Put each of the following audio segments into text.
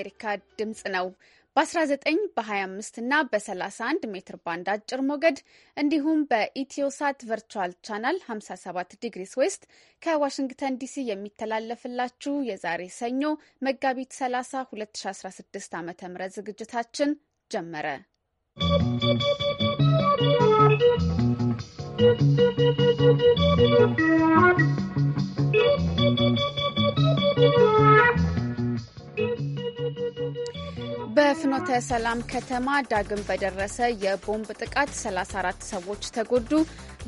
የአሜሪካ ድምፅ ነው። በ19 በ25 እና በ31 ሜትር ባንድ አጭር ሞገድ እንዲሁም በኢትዮሳት ቨርቹዋል ቻናል 57 ዲግሪስ ዌስት ከዋሽንግተን ዲሲ የሚተላለፍላችሁ የዛሬ ሰኞ መጋቢት 30 2016 ዓ ም ዝግጅታችን ጀመረ። ¶¶ በፍኖተ ሰላም ከተማ ዳግም በደረሰ የቦምብ ጥቃት 34 ሰዎች ተጎዱ።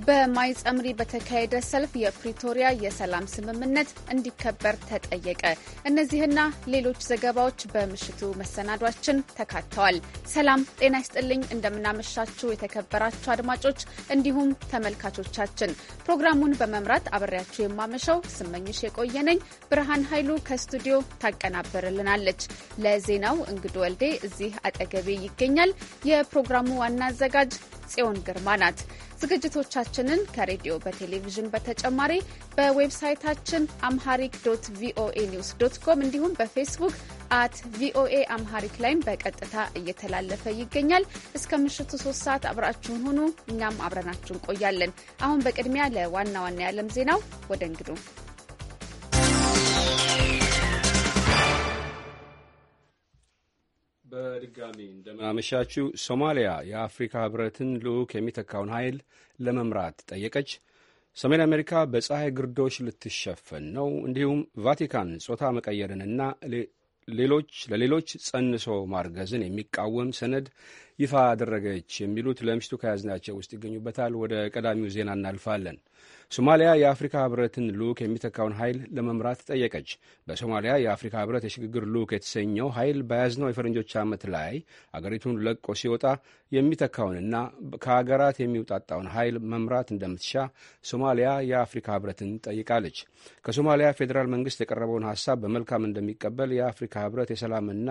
በማይጸምሪ በተካሄደ ሰልፍ የፕሪቶሪያ የሰላም ስምምነት እንዲከበር ተጠየቀ። እነዚህና ሌሎች ዘገባዎች በምሽቱ መሰናዷችን ተካተዋል። ሰላም ጤና ይስጥልኝ። እንደምናመሻችሁ የተከበራችሁ አድማጮች እንዲሁም ተመልካቾቻችን፣ ፕሮግራሙን በመምራት አብሬያችሁ የማመሸው ስመኝሽ የቆየነኝ። ብርሃን ኃይሉ ከስቱዲዮ ታቀናበርልናለች። ለዜናው እንግድ ወልዴ እዚህ አጠገቤ ይገኛል። የፕሮግራሙ ዋና አዘጋጅ ጽዮን ግርማ ናት። ዝግጅቶቻችንን ከሬዲዮ በቴሌቪዥን በተጨማሪ በዌብሳይታችን አምሃሪክ ዶት ቪኦኤ ኒውስ ዶት ኮም እንዲሁም በፌስቡክ አት ቪኦኤ አምሃሪክ ላይም በቀጥታ እየተላለፈ ይገኛል። እስከ ምሽቱ ሶስት ሰዓት አብራችሁን ሁኑ። እኛም አብረናችሁ እንቆያለን። አሁን በቅድሚያ ለዋና ዋና የዓለም ዜናው ወደ እንግዱ በድጋሚ እንደምናመሻችሁ። ሶማሊያ የአፍሪካ ህብረትን ልዑክ የሚተካውን ኃይል ለመምራት ጠየቀች። ሰሜን አሜሪካ በፀሐይ ግርዶሽ ልትሸፈን ነው። እንዲሁም ቫቲካን ጾታ መቀየርንና ሌሎች ለሌሎች ጸንሶ ማርገዝን የሚቃወም ሰነድ ይፋ አደረገች የሚሉት ለምሽቱ ከያዝናቸው ውስጥ ይገኙበታል። ወደ ቀዳሚው ዜና እናልፋለን። ሶማሊያ የአፍሪካ ህብረትን ልዑክ የሚተካውን ኃይል ለመምራት ጠየቀች። በሶማሊያ የአፍሪካ ህብረት የሽግግር ልዑክ የተሰኘው ኃይል በያዝነው የፈረንጆች ዓመት ላይ አገሪቱን ለቆ ሲወጣ የሚተካውንና ከሀገራት የሚውጣጣውን ኃይል መምራት እንደምትሻ ሶማሊያ የአፍሪካ ህብረትን ጠይቃለች። ከሶማሊያ ፌዴራል መንግስት የቀረበውን ሀሳብ በመልካም እንደሚቀበል የአፍሪካ ህብረት የሰላምና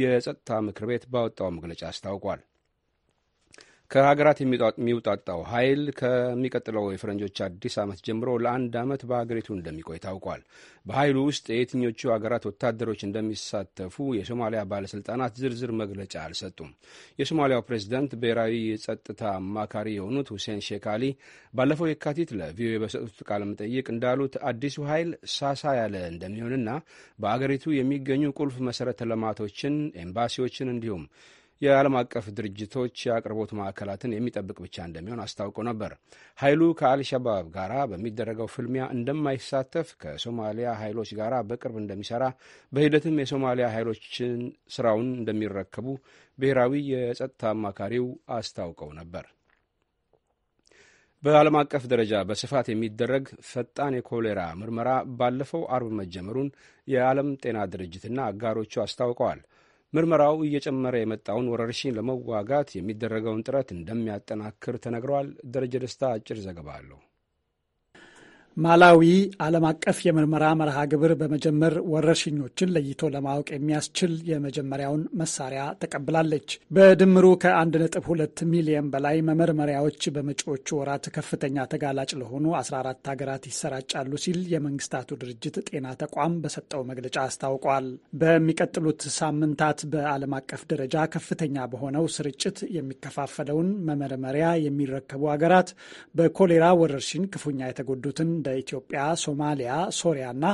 የጸጥታ ምክር ቤት ባወጣው መግለጫ አስታውቋል። ከሀገራት የሚውጣጣው ኃይል ከሚቀጥለው የፈረንጆች አዲስ ዓመት ጀምሮ ለአንድ ዓመት በሀገሪቱ እንደሚቆይ ታውቋል። በኃይሉ ውስጥ የየትኞቹ ሀገራት ወታደሮች እንደሚሳተፉ የሶማሊያ ባለሥልጣናት ዝርዝር መግለጫ አልሰጡም። የሶማሊያው ፕሬዚዳንት ብሔራዊ የጸጥታ አማካሪ የሆኑት ሁሴን ሼክ አሊ ባለፈው የካቲት ለቪኦኤ በሰጡት ቃለ መጠይቅ እንዳሉት አዲሱ ኃይል ሳሳ ያለ እንደሚሆንና በአገሪቱ የሚገኙ ቁልፍ መሠረተ ልማቶችን፣ ኤምባሲዎችን እንዲሁም የዓለም አቀፍ ድርጅቶች የአቅርቦት ማዕከላትን የሚጠብቅ ብቻ እንደሚሆን አስታውቆ ነበር። ኃይሉ ከአልሸባብ ጋር በሚደረገው ፍልሚያ እንደማይሳተፍ፣ ከሶማሊያ ኃይሎች ጋር በቅርብ እንደሚሰራ፣ በሂደትም የሶማሊያ ኃይሎችን ስራውን እንደሚረከቡ ብሔራዊ የጸጥታ አማካሪው አስታውቀው ነበር። በዓለም አቀፍ ደረጃ በስፋት የሚደረግ ፈጣን የኮሌራ ምርመራ ባለፈው አርብ መጀመሩን የዓለም ጤና ድርጅትና አጋሮቹ አስታውቀዋል። ምርመራው እየጨመረ የመጣውን ወረርሽኝ ለመዋጋት የሚደረገውን ጥረት እንደሚያጠናክር ተነግረዋል። ደረጀ ደስታ አጭር ዘገባ አለው። ማላዊ ዓለም አቀፍ የምርመራ መርሃ ግብር በመጀመር ወረርሽኞችን ለይቶ ለማወቅ የሚያስችል የመጀመሪያውን መሳሪያ ተቀብላለች። በድምሩ ከ1.2 ሚሊዮን በላይ መመርመሪያዎች በመጪዎቹ ወራት ከፍተኛ ተጋላጭ ለሆኑ 14 ሀገራት ይሰራጫሉ ሲል የመንግስታቱ ድርጅት ጤና ተቋም በሰጠው መግለጫ አስታውቋል። በሚቀጥሉት ሳምንታት በዓለም አቀፍ ደረጃ ከፍተኛ በሆነው ስርጭት የሚከፋፈለውን መመርመሪያ የሚረከቡ ሀገራት በኮሌራ ወረርሽኝ ክፉኛ የተጎዱትን እንደ ኢትዮጵያ፣ ሶማሊያ፣ ሶሪያና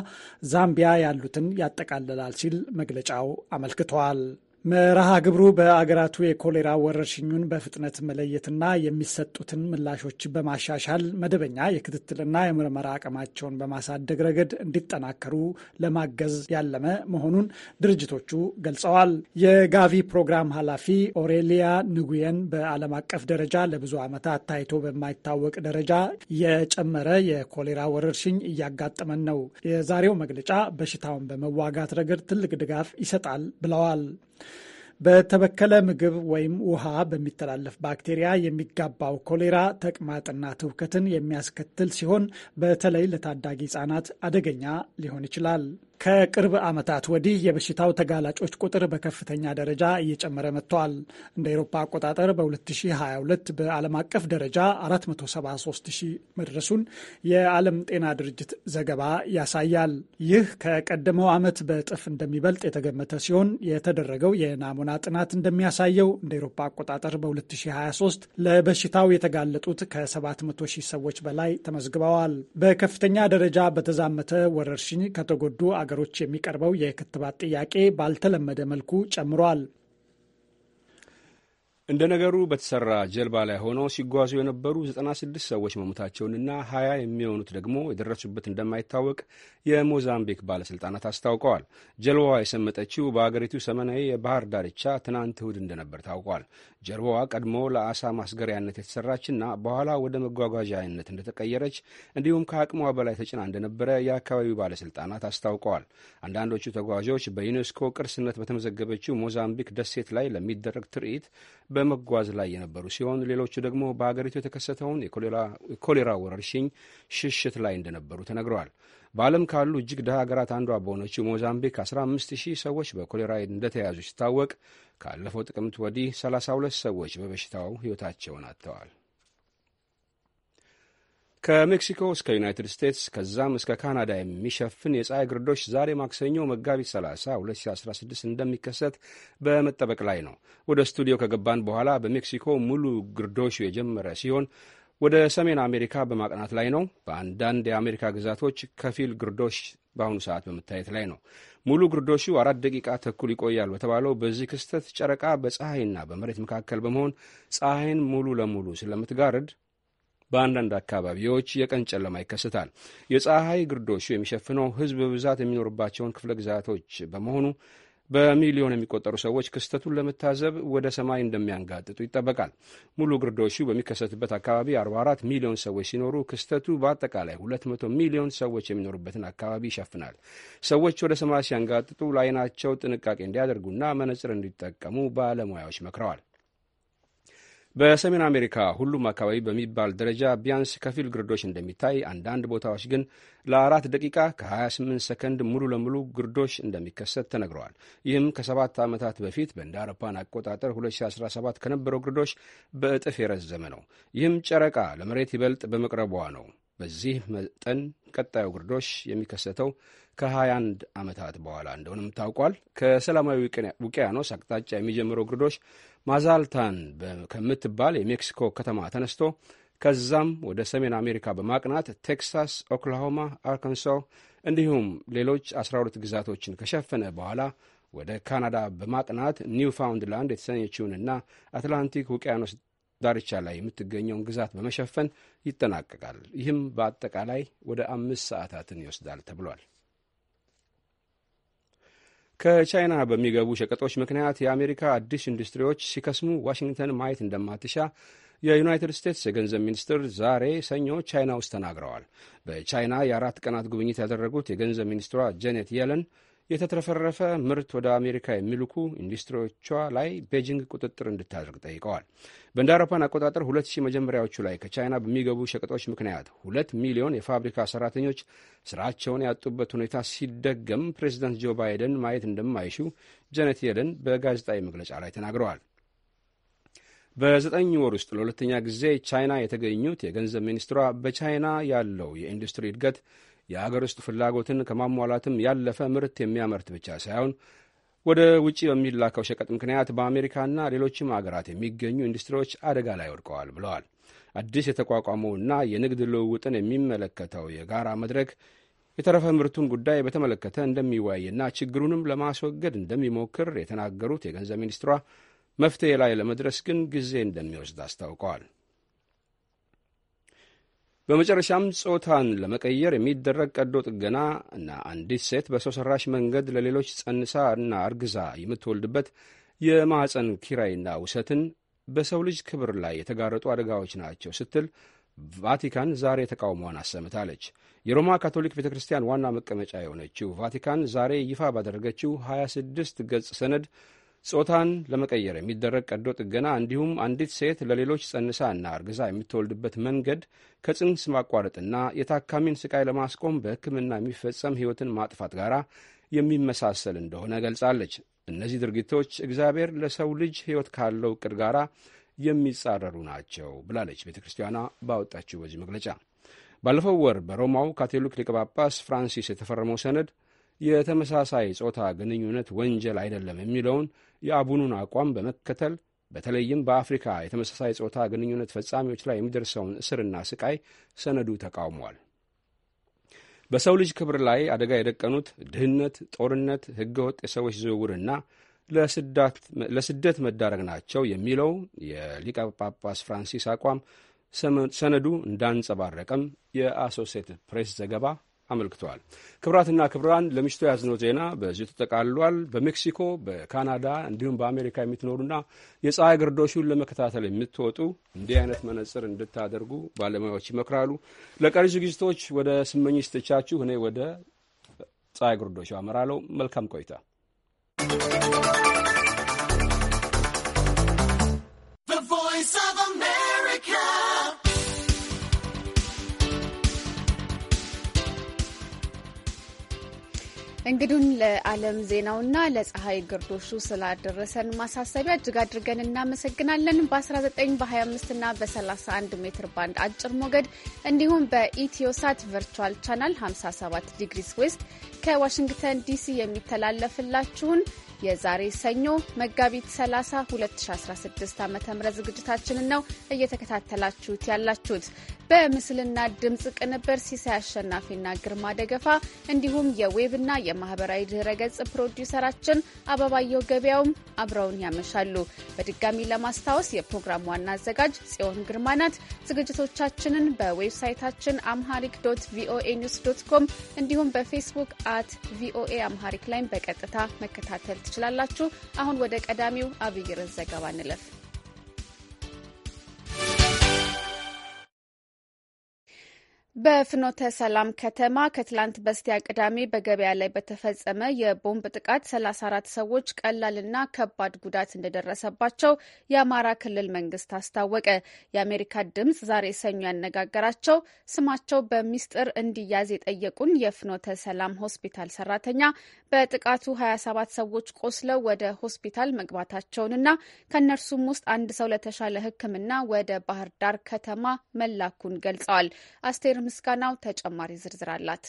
ዛምቢያ ያሉትን ያጠቃልላል ሲል መግለጫው አመልክቷል። መርሃ ግብሩ በአገራቱ የኮሌራ ወረርሽኙን በፍጥነት መለየትና የሚሰጡትን ምላሾች በማሻሻል መደበኛ የክትትልና የምርመራ አቅማቸውን በማሳደግ ረገድ እንዲጠናከሩ ለማገዝ ያለመ መሆኑን ድርጅቶቹ ገልጸዋል። የጋቪ ፕሮግራም ኃላፊ ኦሬሊያ ንጉየን በዓለም አቀፍ ደረጃ ለብዙ ዓመታት ታይቶ በማይታወቅ ደረጃ የጨመረ የኮሌራ ወረርሽኝ እያጋጠመን ነው። የዛሬው መግለጫ በሽታውን በመዋጋት ረገድ ትልቅ ድጋፍ ይሰጣል ብለዋል። በተበከለ ምግብ ወይም ውሃ በሚተላለፍ ባክቴሪያ የሚጋባው ኮሌራ ተቅማጥና ትውከትን የሚያስከትል ሲሆን በተለይ ለታዳጊ ህጻናት አደገኛ ሊሆን ይችላል። ከቅርብ ዓመታት ወዲህ የበሽታው ተጋላጮች ቁጥር በከፍተኛ ደረጃ እየጨመረ መጥቷል። እንደ ኤሮፓ አቆጣጠር በ2022 በዓለም አቀፍ ደረጃ 473 ሺህ መድረሱን የዓለም ጤና ድርጅት ዘገባ ያሳያል። ይህ ከቀደመው ዓመት በእጥፍ እንደሚበልጥ የተገመተ ሲሆን የተደረገው የናሙና ጥናት እንደሚያሳየው እንደ ኤሮፓ አቆጣጠር በ2023 ለበሽታው የተጋለጡት ከ700 ሺህ ሰዎች በላይ ተመዝግበዋል። በከፍተኛ ደረጃ በተዛመተ ወረርሽኝ ከተጎዱ ሀገሮች የሚቀርበው የክትባት ጥያቄ ባልተለመደ መልኩ ጨምሯል። እንደ ነገሩ በተሰራ ጀልባ ላይ ሆነው ሲጓዙ የነበሩ 96 ሰዎች መሞታቸውንና 20 የሚሆኑት ደግሞ የደረሱበት እንደማይታወቅ የሞዛምቢክ ባለሥልጣናት አስታውቀዋል። ጀልባዋ የሰመጠችው በአገሪቱ ሰሜናዊ የባህር ዳርቻ ትናንት እሁድ እንደነበር ታውቋል። ጀልባዋ ቀድሞ ለአሳ ማስገሪያነት የተሰራችና በኋላ ወደ መጓጓዣነት እንደተቀየረች እንዲሁም ከአቅሟ በላይ ተጭና እንደነበረ የአካባቢው ባለሥልጣናት አስታውቀዋል። አንዳንዶቹ ተጓዦች በዩኔስኮ ቅርስነት በተመዘገበችው ሞዛምቢክ ደሴት ላይ ለሚደረግ ትርኢት በመጓዝ ላይ የነበሩ ሲሆን ሌሎቹ ደግሞ በአገሪቱ የተከሰተውን የኮሌራ ወረርሽኝ ሽሽት ላይ እንደነበሩ ተነግረዋል። በዓለም ካሉ እጅግ ድሃ ሀገራት አንዷ በሆነችው ሞዛምቢክ 15 15000 ሰዎች በኮሌራ እንደተያዙ ሲታወቅ ካለፈው ጥቅምት ወዲህ 32 ሰዎች በበሽታው ሕይወታቸውን አጥተዋል። ከሜክሲኮ እስከ ዩናይትድ ስቴትስ ከዛም እስከ ካናዳ የሚሸፍን የፀሐይ ግርዶች ዛሬ ማክሰኞ መጋቢት 30 2016 እንደሚከሰት በመጠበቅ ላይ ነው። ወደ ስቱዲዮ ከገባን በኋላ በሜክሲኮ ሙሉ ግርዶሹ የጀመረ ሲሆን ወደ ሰሜን አሜሪካ በማቅናት ላይ ነው። በአንዳንድ የአሜሪካ ግዛቶች ከፊል ግርዶሽ በአሁኑ ሰዓት በመታየት ላይ ነው። ሙሉ ግርዶሹ አራት ደቂቃ ተኩል ይቆያል በተባለው በዚህ ክስተት ጨረቃ በፀሐይና በመሬት መካከል በመሆን ፀሐይን ሙሉ ለሙሉ ስለምትጋርድ በአንዳንድ አካባቢዎች የቀን ጨለማ ይከሰታል። የፀሐይ ግርዶሹ የሚሸፍነው ህዝብ በብዛት የሚኖርባቸውን ክፍለ ግዛቶች በመሆኑ በሚሊዮን የሚቆጠሩ ሰዎች ክስተቱን ለመታዘብ ወደ ሰማይ እንደሚያንጋጥጡ ይጠበቃል። ሙሉ ግርዶሹ በሚከሰትበት አካባቢ 44 ሚሊዮን ሰዎች ሲኖሩ ክስተቱ በአጠቃላይ 200 ሚሊዮን ሰዎች የሚኖሩበትን አካባቢ ይሸፍናል። ሰዎች ወደ ሰማይ ሲያንጋጥጡ ለዓይናቸው ጥንቃቄ እንዲያደርጉና መነጽር እንዲጠቀሙ ባለሙያዎች መክረዋል። በሰሜን አሜሪካ ሁሉም አካባቢ በሚባል ደረጃ ቢያንስ ከፊል ግርዶች እንደሚታይ፣ አንዳንድ ቦታዎች ግን ለአራት ደቂቃ ከ28 ሰከንድ ሙሉ ለሙሉ ግርዶች እንደሚከሰት ተነግረዋል። ይህም ከሰባት ዓመታት በፊት በእንደ አውሮፓውያን አቆጣጠር 2017 ከነበረው ግርዶች በእጥፍ የረዘመ ነው። ይህም ጨረቃ ለመሬት ይበልጥ በመቅረቧ ነው። በዚህ መጠን ቀጣዩ ግርዶሽ የሚከሰተው ከ21 ዓመታት በኋላ እንደሆነም ታውቋል። ከሰላማዊ ውቅያኖስ አቅጣጫ የሚጀምረው ግርዶሽ ማዛልታን ከምትባል የሜክሲኮ ከተማ ተነስቶ ከዛም ወደ ሰሜን አሜሪካ በማቅናት ቴክሳስ፣ ኦክላሆማ፣ አርካንሶ እንዲሁም ሌሎች 12 ግዛቶችን ከሸፈነ በኋላ ወደ ካናዳ በማቅናት ኒውፋውንድላንድ የተሰኘችውንና አትላንቲክ ውቅያኖስ ዳርቻ ላይ የምትገኘውን ግዛት በመሸፈን ይጠናቀቃል። ይህም በአጠቃላይ ወደ አምስት ሰዓታትን ይወስዳል ተብሏል። ከቻይና በሚገቡ ሸቀጦች ምክንያት የአሜሪካ አዲስ ኢንዱስትሪዎች ሲከስሙ ዋሽንግተን ማየት እንደማትሻ የዩናይትድ ስቴትስ የገንዘብ ሚኒስትር ዛሬ ሰኞ ቻይና ውስጥ ተናግረዋል። በቻይና የአራት ቀናት ጉብኝት ያደረጉት የገንዘብ ሚኒስትሯ ጄኔት የለን የተትረፈረፈ ምርት ወደ አሜሪካ የሚልኩ ኢንዱስትሪዎቿ ላይ ቤጂንግ ቁጥጥር እንድታደርግ ጠይቀዋል። በእንደ አውሮፓን አቆጣጠር 2000 መጀመሪያዎቹ ላይ ከቻይና በሚገቡ ሸቀጦች ምክንያት ሁለት ሚሊዮን የፋብሪካ ሰራተኞች ስራቸውን ያጡበት ሁኔታ ሲደገም ፕሬዚዳንት ጆ ባይደን ማየት እንደማይሹ ጀነት የለን በጋዜጣዊ መግለጫ ላይ ተናግረዋል። በዘጠኝ ወር ውስጥ ለሁለተኛ ጊዜ ቻይና የተገኙት የገንዘብ ሚኒስትሯ በቻይና ያለው የኢንዱስትሪ እድገት የአገር ውስጥ ፍላጎትን ከማሟላትም ያለፈ ምርት የሚያመርት ብቻ ሳይሆን ወደ ውጭ በሚላከው ሸቀጥ ምክንያት በአሜሪካና ሌሎችም አገራት የሚገኙ ኢንዱስትሪዎች አደጋ ላይ ወድቀዋል ብለዋል። አዲስ የተቋቋመውና የንግድ ልውውጥን የሚመለከተው የጋራ መድረክ የተረፈ ምርቱን ጉዳይ በተመለከተ እንደሚወያይና ችግሩንም ለማስወገድ እንደሚሞክር የተናገሩት የገንዘብ ሚኒስትሯ መፍትሄ ላይ ለመድረስ ግን ጊዜ እንደሚወስድ አስታውቀዋል። በመጨረሻም ጾታን ለመቀየር የሚደረግ ቀዶ ጥገና እና አንዲት ሴት በሰው ሰራሽ መንገድ ለሌሎች ጸንሳ እና አርግዛ የምትወልድበት የማኅፀን ኪራይና ውሰትን በሰው ልጅ ክብር ላይ የተጋረጡ አደጋዎች ናቸው ስትል ቫቲካን ዛሬ ተቃውሟን አሰምታለች። የሮማ ካቶሊክ ቤተ ክርስቲያን ዋና መቀመጫ የሆነችው ቫቲካን ዛሬ ይፋ ባደረገችው 26 ገጽ ሰነድ ጾታን ለመቀየር የሚደረግ ቀዶ ጥገና እንዲሁም አንዲት ሴት ለሌሎች ጸንሳ እና እርግዛ የምትወልድበት መንገድ ከጽንስ ማቋረጥና የታካሚን ስቃይ ለማስቆም በሕክምና የሚፈጸም ሕይወትን ማጥፋት ጋር የሚመሳሰል እንደሆነ ገልጻለች። እነዚህ ድርጊቶች እግዚአብሔር ለሰው ልጅ ሕይወት ካለው እቅድ ጋር የሚጻረሩ ናቸው ብላለች ቤተ ክርስቲያኗ ባወጣችው በዚህ መግለጫ። ባለፈው ወር በሮማው ካቶሊክ ሊቀ ጳጳስ ፍራንሲስ የተፈረመው ሰነድ የተመሳሳይ ጾታ ግንኙነት ወንጀል አይደለም የሚለውን የአቡኑን አቋም በመከተል በተለይም በአፍሪካ የተመሳሳይ ጾታ ግንኙነት ፈጻሚዎች ላይ የሚደርሰውን እስርና ስቃይ ሰነዱ ተቃውሟል። በሰው ልጅ ክብር ላይ አደጋ የደቀኑት ድህነት፣ ጦርነት፣ ህገወጥ የሰዎች ዝውውርና ለስደት መዳረግ ናቸው የሚለው የሊቀ ጳጳስ ፍራንሲስ አቋም ሰነዱ እንዳንጸባረቀም የአሶሴትድ ፕሬስ ዘገባ አመልክተዋል። ክብራትና ክብራን ለምሽቱ ያዝነው ዜና በዚሁ ተጠቃልሏል። በሜክሲኮ በካናዳ እንዲሁም በአሜሪካ የምትኖሩና የፀሐይ ግርዶሹን ለመከታተል የምትወጡ እንዲህ አይነት መነጽር እንድታደርጉ ባለሙያዎች ይመክራሉ። ለቀሪ ዝግጅቶች ወደ ስመኝ ስትቻችሁ እኔ ወደ ፀሐይ ግርዶሹ አመራለሁ። መልካም ቆይታ እንግዱን ለዓለም ዜናውና ለፀሐይ ግርዶሹ ስላደረሰን ማሳሰቢያ እጅግ አድርገን እናመሰግናለን። በ19 በ25ና በ31 ሜትር ባንድ አጭር ሞገድ እንዲሁም በኢትዮሳት ቨርቹዋል ቻናል 57 ዲግሪስ ዌስት ከዋሽንግተን ዲሲ የሚተላለፍላችሁን የዛሬ ሰኞ መጋቢት 30 2016 ዓ ም ዝግጅታችንን ነው እየተከታተላችሁት ያላችሁት። በምስልና ድምፅ ቅንብር ሲሳይ አሸናፊና ግርማ ደገፋ እንዲሁም የዌብና የማህበራዊ ድህረ ገጽ ፕሮዲውሰራችን አበባየው ገበያውም አብረውን ያመሻሉ። በድጋሚ ለማስታወስ የፕሮግራም ዋና አዘጋጅ ጽዮን ግርማ ናት። ዝግጅቶቻችንን በዌብሳይታችን አምሃሪክ ዶት ቪኦኤ ኒውስ ዶት ኮም እንዲሁም በፌስቡክ አት ቪኦኤ አምሃሪክ ላይም በቀጥታ መከታተል ትችላላችሁ። አሁን ወደ ቀዳሚው አብይ ርዕስ ዘገባ እንለፍ። በፍኖተ ሰላም ከተማ ከትላንት በስቲያ ቅዳሜ በገበያ ላይ በተፈጸመ የቦምብ ጥቃት 34 ሰዎች ቀላልና ከባድ ጉዳት እንደደረሰባቸው የአማራ ክልል መንግስት አስታወቀ። የአሜሪካ ድምፅ ዛሬ ሰኞ ያነጋገራቸው ስማቸው በሚስጥር እንዲያዝ የጠየቁን የፍኖተ ሰላም ሆስፒታል ሰራተኛ በጥቃቱ 27 ሰዎች ቆስለው ወደ ሆስፒታል መግባታቸውንና ከእነርሱም ውስጥ አንድ ሰው ለተሻለ ሕክምና ወደ ባህር ዳር ከተማ መላኩን ገልጸዋል። አስቴር ምስጋናው ተጨማሪ ዝርዝር አላት።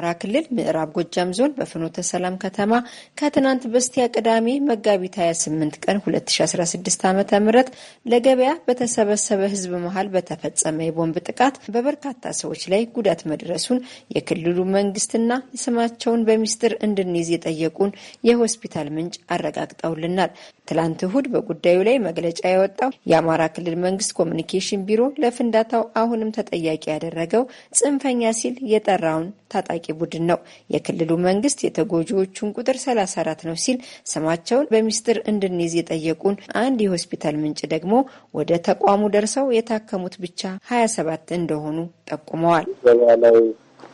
አማራ ክልል ምዕራብ ጎጃም ዞን በፍኖተ ሰላም ከተማ ከትናንት በስቲያ ቅዳሜ መጋቢት 28 ቀን 2016 ዓ ም ለገበያ በተሰበሰበ ሕዝብ መሃል በተፈጸመ የቦምብ ጥቃት በበርካታ ሰዎች ላይ ጉዳት መድረሱን የክልሉ መንግስትና ስማቸውን በሚስጥር እንድንይዝ የጠየቁን የሆስፒታል ምንጭ አረጋግጠውልናል። ትላንት እሁድ በጉዳዩ ላይ መግለጫ የወጣው የአማራ ክልል መንግስት ኮሚኒኬሽን ቢሮ ለፍንዳታው አሁንም ተጠያቂ ያደረገው ጽንፈኛ ሲል የጠራውን ታጣቂ ታጣቂ ቡድን ነው። የክልሉ መንግስት የተጎጂዎቹን ቁጥር 34 ነው ሲል ስማቸውን በሚስጥር እንድንይዝ የጠየቁን አንድ የሆስፒታል ምንጭ ደግሞ ወደ ተቋሙ ደርሰው የታከሙት ብቻ 27 እንደሆኑ ጠቁመዋል።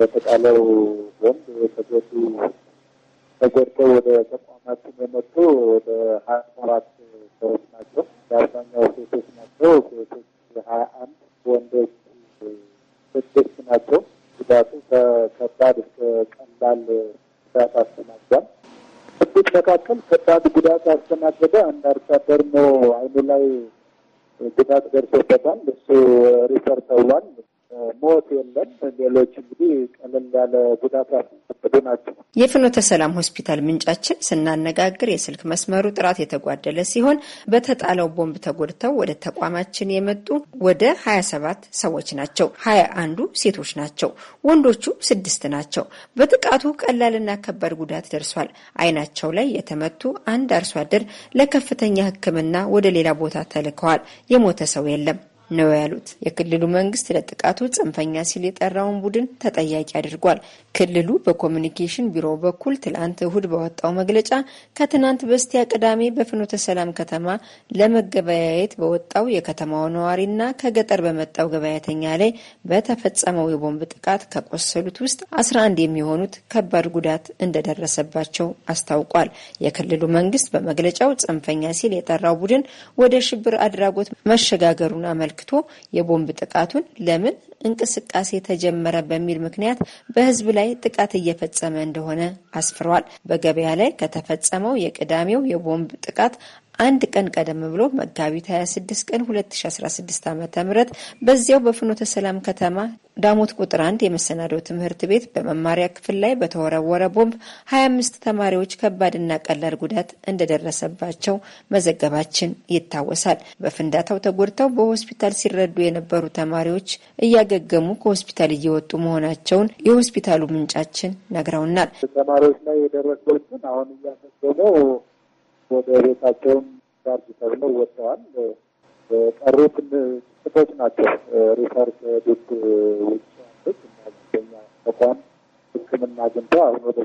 በተቃለው ወንድ ተጎዱ ተጎድተው ወደ ተቋማችን የመጡ ወደ ሀያ ሰባት ሰዎች ናቸው። የአብዛኛው ሴቶች ናቸው። ሴቶች ሀያ አንድ ወንዶች ስድስት ናቸው። ጉዳቱ ከከባድ እስከ ቀላል ጉዳት አስተናግዷል። ህጎች መካከል ከባድ ጉዳት ያስተናገደ አንድ አርሶ አደር ነው አይኑ ላይ ጉዳት ደርሶበታል። እሱ ሪፈር ተውሏል። ሞት የለም። ሌሎች እንግዲህ ቀለል ያለ ጉዳት ያስከትሉ ናቸው። የፍኖተ ሰላም ሆስፒታል ምንጫችን ስናነጋግር የስልክ መስመሩ ጥራት የተጓደለ ሲሆን በተጣለው ቦምብ ተጎድተው ወደ ተቋማችን የመጡ ወደ ሀያ ሰባት ሰዎች ናቸው። ሀያ አንዱ ሴቶች ናቸው፣ ወንዶቹ ስድስት ናቸው። በጥቃቱ ቀላልና ከባድ ጉዳት ደርሷል። አይናቸው ላይ የተመቱ አንድ አርሶ አደር ለከፍተኛ ሕክምና ወደ ሌላ ቦታ ተልከዋል። የሞተ ሰው የለም። ነው ያሉት። የክልሉ መንግስት ለጥቃቱ ጽንፈኛ ሲል የጠራውን ቡድን ተጠያቂ አድርጓል። ክልሉ በኮሚኒኬሽን ቢሮ በኩል ትላንት እሁድ በወጣው መግለጫ ከትናንት በስቲያ ቅዳሜ በፍኖተ ሰላም ከተማ ለመገበያየት በወጣው የከተማው ነዋሪና ከገጠር በመጣው ገበያተኛ ላይ በተፈጸመው የቦምብ ጥቃት ከቆሰሉት ውስጥ 11 የሚሆኑት ከባድ ጉዳት እንደደረሰባቸው አስታውቋል። የክልሉ መንግስት በመግለጫው ጽንፈኛ ሲል የጠራው ቡድን ወደ ሽብር አድራጎት መሸጋገሩን አመልክ አስመልክቶ የቦምብ ጥቃቱን ለምን እንቅስቃሴ ተጀመረ በሚል ምክንያት በህዝብ ላይ ጥቃት እየፈጸመ እንደሆነ አስፍሯል። በገበያ ላይ ከተፈጸመው የቅዳሜው የቦምብ ጥቃት አንድ ቀን ቀደም ብሎ መጋቢት 26 ቀን 2016 ዓ ም በዚያው በፍኖተ ሰላም ከተማ ዳሞት ቁጥር አንድ የመሰናዶው ትምህርት ቤት በመማሪያ ክፍል ላይ በተወረወረ ቦምብ 25 ተማሪዎች ከባድና ቀላል ጉዳት እንደደረሰባቸው መዘገባችን ይታወሳል። በፍንዳታው ተጎድተው በሆስፒታል ሲረዱ የነበሩ ተማሪዎች እያገገሙ ከሆስፒታል እየወጡ መሆናቸውን የሆስፒታሉ ምንጫችን ነግረውናል። ተማሪዎች ላይ የደረሰችን አሁን እያገገሙ ወደ ቤታቸውን ቻርጅ ተብለው ወጥተዋል። የቀሩትን ጥቶች ናቸው ሪሰርች ቤት ውጭ ያሉት ተቋም ሕክምና አግኝተው አሁን ወደ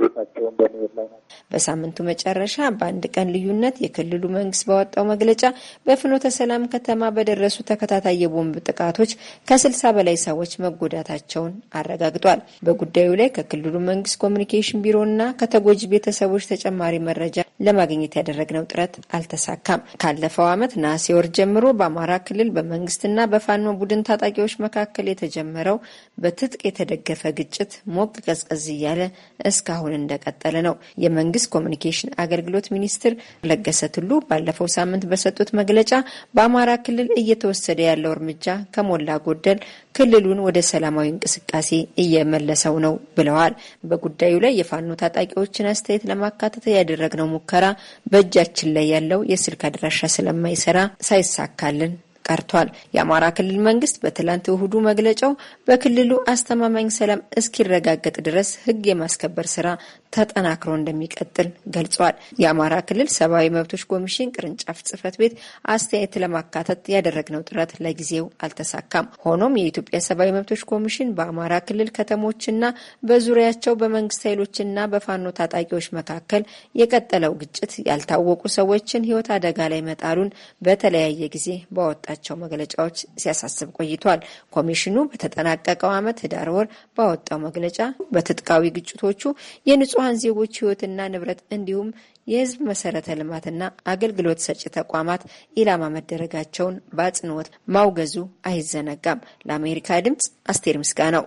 በመሄድ ላይ ናቸው። በሳምንቱ መጨረሻ በአንድ ቀን ልዩነት የክልሉ መንግስት ባወጣው መግለጫ በፍኖተ ሰላም ከተማ በደረሱ ተከታታይ የቦምብ ጥቃቶች ከስልሳ በላይ ሰዎች መጎዳታቸውን አረጋግጧል። በጉዳዩ ላይ ከክልሉ መንግስት ኮሚኒኬሽን ቢሮ እና ከተጎጂ ቤተሰቦች ተጨማሪ መረጃ ለማግኘት ያደረግነው ጥረት አልተሳካም። ካለፈው ዓመት ነሐሴ ወር ጀምሮ በአማራ ክልል በመንግስትና በፋኖ ቡድን ታጣቂዎች መካከል የተጀመረው በትጥቅ የተደገፈ ግጭት ሞቅ ቀዝቀ ቀዝቀዝ እያለ እስካሁን እንደቀጠለ ነው። የመንግስት ኮሚኒኬሽን አገልግሎት ሚኒስትር ለገሰ ቱሉ ባለፈው ሳምንት በሰጡት መግለጫ በአማራ ክልል እየተወሰደ ያለው እርምጃ ከሞላ ጎደል ክልሉን ወደ ሰላማዊ እንቅስቃሴ እየመለሰው ነው ብለዋል። በጉዳዩ ላይ የፋኖ ታጣቂዎችን አስተያየት ለማካተት ያደረግነው ሙከራ በእጃችን ላይ ያለው የስልክ አድራሻ ስለማይሰራ ሳይሳካልን ቀርቷል። የአማራ ክልል መንግስት በትላንት እሁዱ መግለጫው በክልሉ አስተማማኝ ሰላም እስኪረጋገጥ ድረስ ህግ የማስከበር ስራ ተጠናክሮ እንደሚቀጥል ገልጿል። የአማራ ክልል ሰብአዊ መብቶች ኮሚሽን ቅርንጫፍ ጽህፈት ቤት አስተያየት ለማካተት ያደረግነው ጥረት ለጊዜው አልተሳካም። ሆኖም የኢትዮጵያ ሰብአዊ መብቶች ኮሚሽን በአማራ ክልል ከተሞችና በዙሪያቸው በመንግስት ኃይሎችና በፋኖ ታጣቂዎች መካከል የቀጠለው ግጭት ያልታወቁ ሰዎችን ህይወት አደጋ ላይ መጣሉን በተለያየ ጊዜ ባወጣቸው መግለጫዎች ሲያሳስብ ቆይቷል። ኮሚሽኑ በተጠናቀቀው ዓመት ህዳር ወር ባወጣው መግለጫ በትጥቃዊ ግጭቶቹ የንጹ የንጹሐን ዜጎች ህይወትና ንብረት እንዲሁም የህዝብ መሰረተ ልማትና አገልግሎት ሰጪ ተቋማት ኢላማ መደረጋቸውን በአጽንኦት ማውገዙ አይዘነጋም። ለአሜሪካ ድምጽ አስቴር ምስጋ ነው።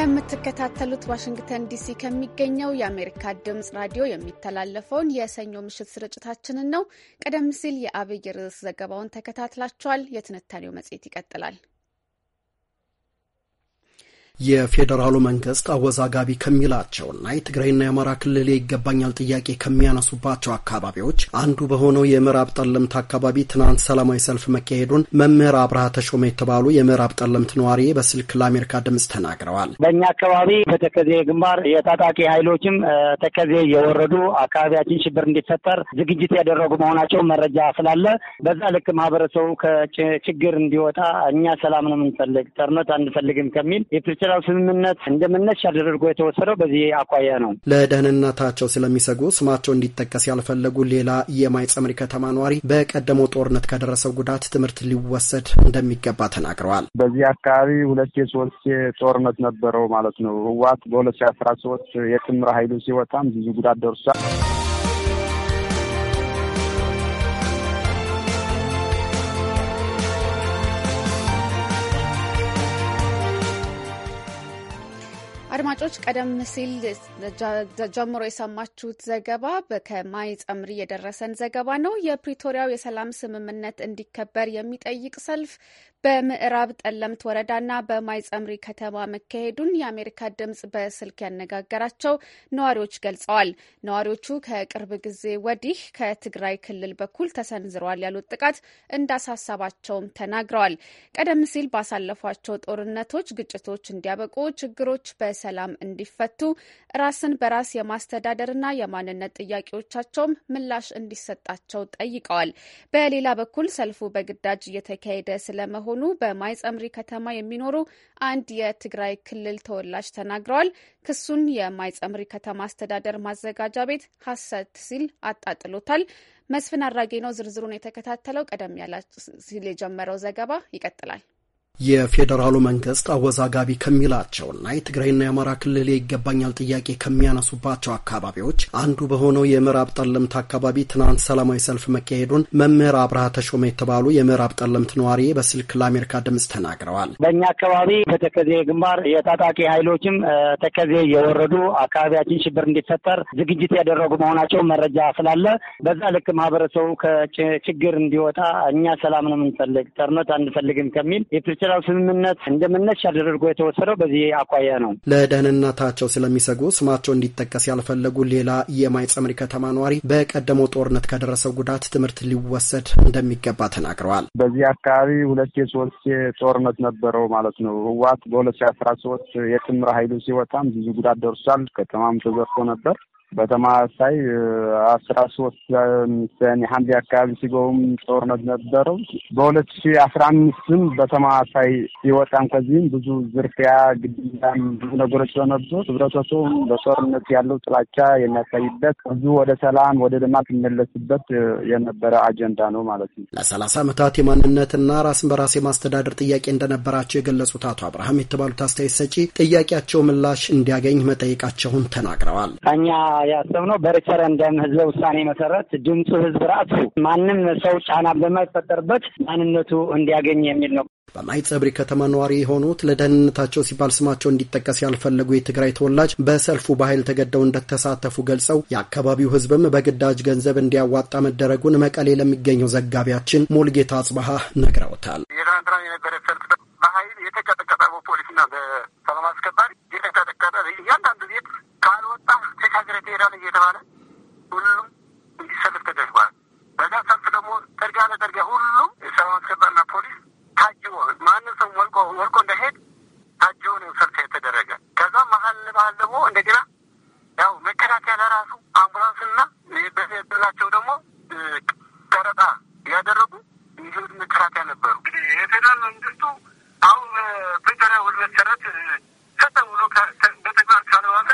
የምትከታተሉት ዋሽንግተን ዲሲ ከሚገኘው የአሜሪካ ድምፅ ራዲዮ የሚተላለፈውን የሰኞ ምሽት ስርጭታችንን ነው። ቀደም ሲል የአብይ ርዕስ ዘገባውን ተከታትላችኋል። የትንታኔው መጽሔት ይቀጥላል። የፌዴራሉ መንግስት አወዛጋቢ ከሚላቸውና የትግራይና የአማራ ክልል የይገባኛል ጥያቄ ከሚያነሱባቸው አካባቢዎች አንዱ በሆነው የምዕራብ ጠለምት አካባቢ ትናንት ሰላማዊ ሰልፍ መካሄዱን መምህር አብርሃ ተሾመ የተባሉ የምዕራብ ጠለምት ነዋሪ በስልክ ለአሜሪካ ድምጽ ተናግረዋል። በእኛ አካባቢ በተከዜ ግንባር የታጣቂ ኃይሎችም ተከዜ የወረዱ አካባቢያችን ሽብር እንዲፈጠር ዝግጅት ያደረጉ መሆናቸው መረጃ ስላለ በዛ ልክ ማህበረሰቡ ከችግር እንዲወጣ እኛ ሰላም ነው የምንፈልግ ጦርነት አንፈልግም ከሚል የፌዴራል ስምምነት እንደ መነሻ የተወሰደው በዚህ አኳያ ነው። ለደህንነታቸው ስለሚሰጉ ስማቸው እንዲጠቀስ ያልፈለጉ ሌላ የማይጸምሪ ከተማ ነዋሪ በቀደመው ጦርነት ከደረሰው ጉዳት ትምህርት ሊወሰድ እንደሚገባ ተናግረዋል። በዚህ አካባቢ ሁለት የሶስት ጦርነት ነበረው ማለት ነው። ህዋት በሁለት ሺ አስራ ሶስት የጥምር ኃይሉ ሲወጣም ብዙ ጉዳት ደርሷል። አድማጮች ቀደም ሲል ጀምሮ የሰማችሁት ዘገባ ከማይ ጸምሪ የደረሰን ዘገባ ነው። የፕሪቶሪያው የሰላም ስምምነት እንዲከበር የሚጠይቅ ሰልፍ በምዕራብ ጠለምት ወረዳና በማይጸምሪ ከተማ መካሄዱን የአሜሪካ ድምጽ በስልክ ያነጋገራቸው ነዋሪዎች ገልጸዋል። ነዋሪዎቹ ከቅርብ ጊዜ ወዲህ ከትግራይ ክልል በኩል ተሰንዝረዋል ያሉት ጥቃት እንዳሳሰባቸውም ተናግረዋል። ቀደም ሲል ባሳለፏቸው ጦርነቶች፣ ግጭቶች እንዲያበቁ፣ ችግሮች በሰላም እንዲፈቱ፣ ራስን በራስ የማስተዳደርና የማንነት ጥያቄዎቻቸውም ምላሽ እንዲሰጣቸው ጠይቀዋል። በሌላ በኩል ሰልፉ በግዳጅ እየተካሄደ ስለመሆ እንደሆኑ በማይጸምሪ ከተማ የሚኖሩ አንድ የትግራይ ክልል ተወላጅ ተናግረዋል። ክሱን የማይጸምሪ ከተማ አስተዳደር ማዘጋጃ ቤት ሐሰት ሲል አጣጥሎታል። መስፍን አራጌ ነው ዝርዝሩን የተከታተለው። ቀደም ያለ ሲል የጀመረው ዘገባ ይቀጥላል። የፌዴራሉ መንግስት አወዛጋቢ ከሚላቸውና የትግራይና የአማራ ክልል የይገባኛል ጥያቄ ከሚያነሱባቸው አካባቢዎች አንዱ በሆነው የምዕራብ ጠለምት አካባቢ ትናንት ሰላማዊ ሰልፍ መካሄዱን መምህር አብርሃ ተሾመ የተባሉ የምዕራብ ጠለምት ነዋሪ በስልክ ለአሜሪካ ድምፅ ተናግረዋል። በእኛ አካባቢ በተከዜ ግንባር የታጣቂ ኃይሎችም ተከዜ እየወረዱ አካባቢያችን ሽብር እንዲፈጠር ዝግጅት ያደረጉ መሆናቸው መረጃ ስላለ በዛ ልክ ማህበረሰቡ ከችግር እንዲወጣ እኛ ሰላም ነው የምንፈልግ ጦርነት አንፈልግም ከሚል የኮሚኒኬሽን ስምምነት እንደ መነሻ የተወሰደው በዚህ አኳያ ነው። ለደህንነታቸው ስለሚሰጉ ስማቸው እንዲጠቀስ ያልፈለጉ ሌላ የማይጸምሪ ከተማ ነዋሪ በቀደመው ጦርነት ከደረሰው ጉዳት ትምህርት ሊወሰድ እንደሚገባ ተናግረዋል። በዚህ አካባቢ ሁለት ሶስት ጦርነት ነበረው ማለት ነው። ህዋት በሁለት ሺ አስራ ሶስት የጥምር ኃይሉ ሲወጣም ብዙ ጉዳት ደርሷል። ከተማም ተዘርፎ ነበር። በተማሳይ አስራ ሶስት ሰኔ ሐምሌ አካባቢ ሲገቡም ጦርነት ነበረው። በሁለት ሺ አስራ አምስትም በተማሳይ ሲወጣም ከዚህም ብዙ ዝርፊያ፣ ግድያም ብዙ ነገሮች ስለነበሩ ህብረተሰቡም በጦርነት ያለው ጥላቻ የሚያሳይበት ብዙ ወደ ሰላም ወደ ልማት የሚመለስበት የነበረ አጀንዳ ነው ማለት ነው። ለሰላሳ ዓመታት የማንነትና ራስን በራስ የማስተዳደር ጥያቄ እንደነበራቸው የገለጹት አቶ አብርሃም የተባሉት አስተያየት ሰጪ ጥያቄያቸው ምላሽ እንዲያገኝ መጠየቃቸውን ተናግረዋል። ያሰብነው በሪፈረንደም ህዝበ ውሳኔ መሰረት ድምፁ ህዝብ ራሱ ማንም ሰው ጫና በማይፈጠርበት ማንነቱ እንዲያገኝ የሚል ነው። በማይጸብሪ ከተማ ነዋሪ የሆኑት ለደህንነታቸው ሲባል ስማቸው እንዲጠቀስ ያልፈለጉ የትግራይ ተወላጅ በሰልፉ በኃይል ተገደው እንደተሳተፉ ገልጸው የአካባቢው ህዝብም በግዳጅ ገንዘብ እንዲያዋጣ መደረጉን መቀሌ ለሚገኘው ዘጋቢያችን ሞልጌታ አጽባሀ ነግረውታል። የነበረ ሰልፍ በኃይል የተቀጠቀጠ በሰላም አስከባሪ የተቀጠቀጠ እያንዳንዱ ቤት በጣም ተሻገረ ትሄዳለህ እየተባለ ሁሉም እንዲሰልፍ ተደርጓል። በዛ ሰልፍ ደግሞ ጠርጊያ ለጠርጊያ ሁሉም የሰላም አስከበርና ፖሊስ ታጅቦ ማንም ሰው ወልቆ ወልቆ እንዳይሄድ ታጅቦ ነው ሰልፍ የተደረገ። ከዛ መሀል ባህል ደግሞ እንደገና ያው መከላከያ ለራሱ አምቡላንስና በላቸው ደግሞ ቀረጣ ያደረጉ እንዲሁም መከላከያ ነበሩ። የፌዴራል መንግስቱ አሁን በጠሪያ ውል መሰረት ሰጠ ብሎ በተግባር ካለዋለ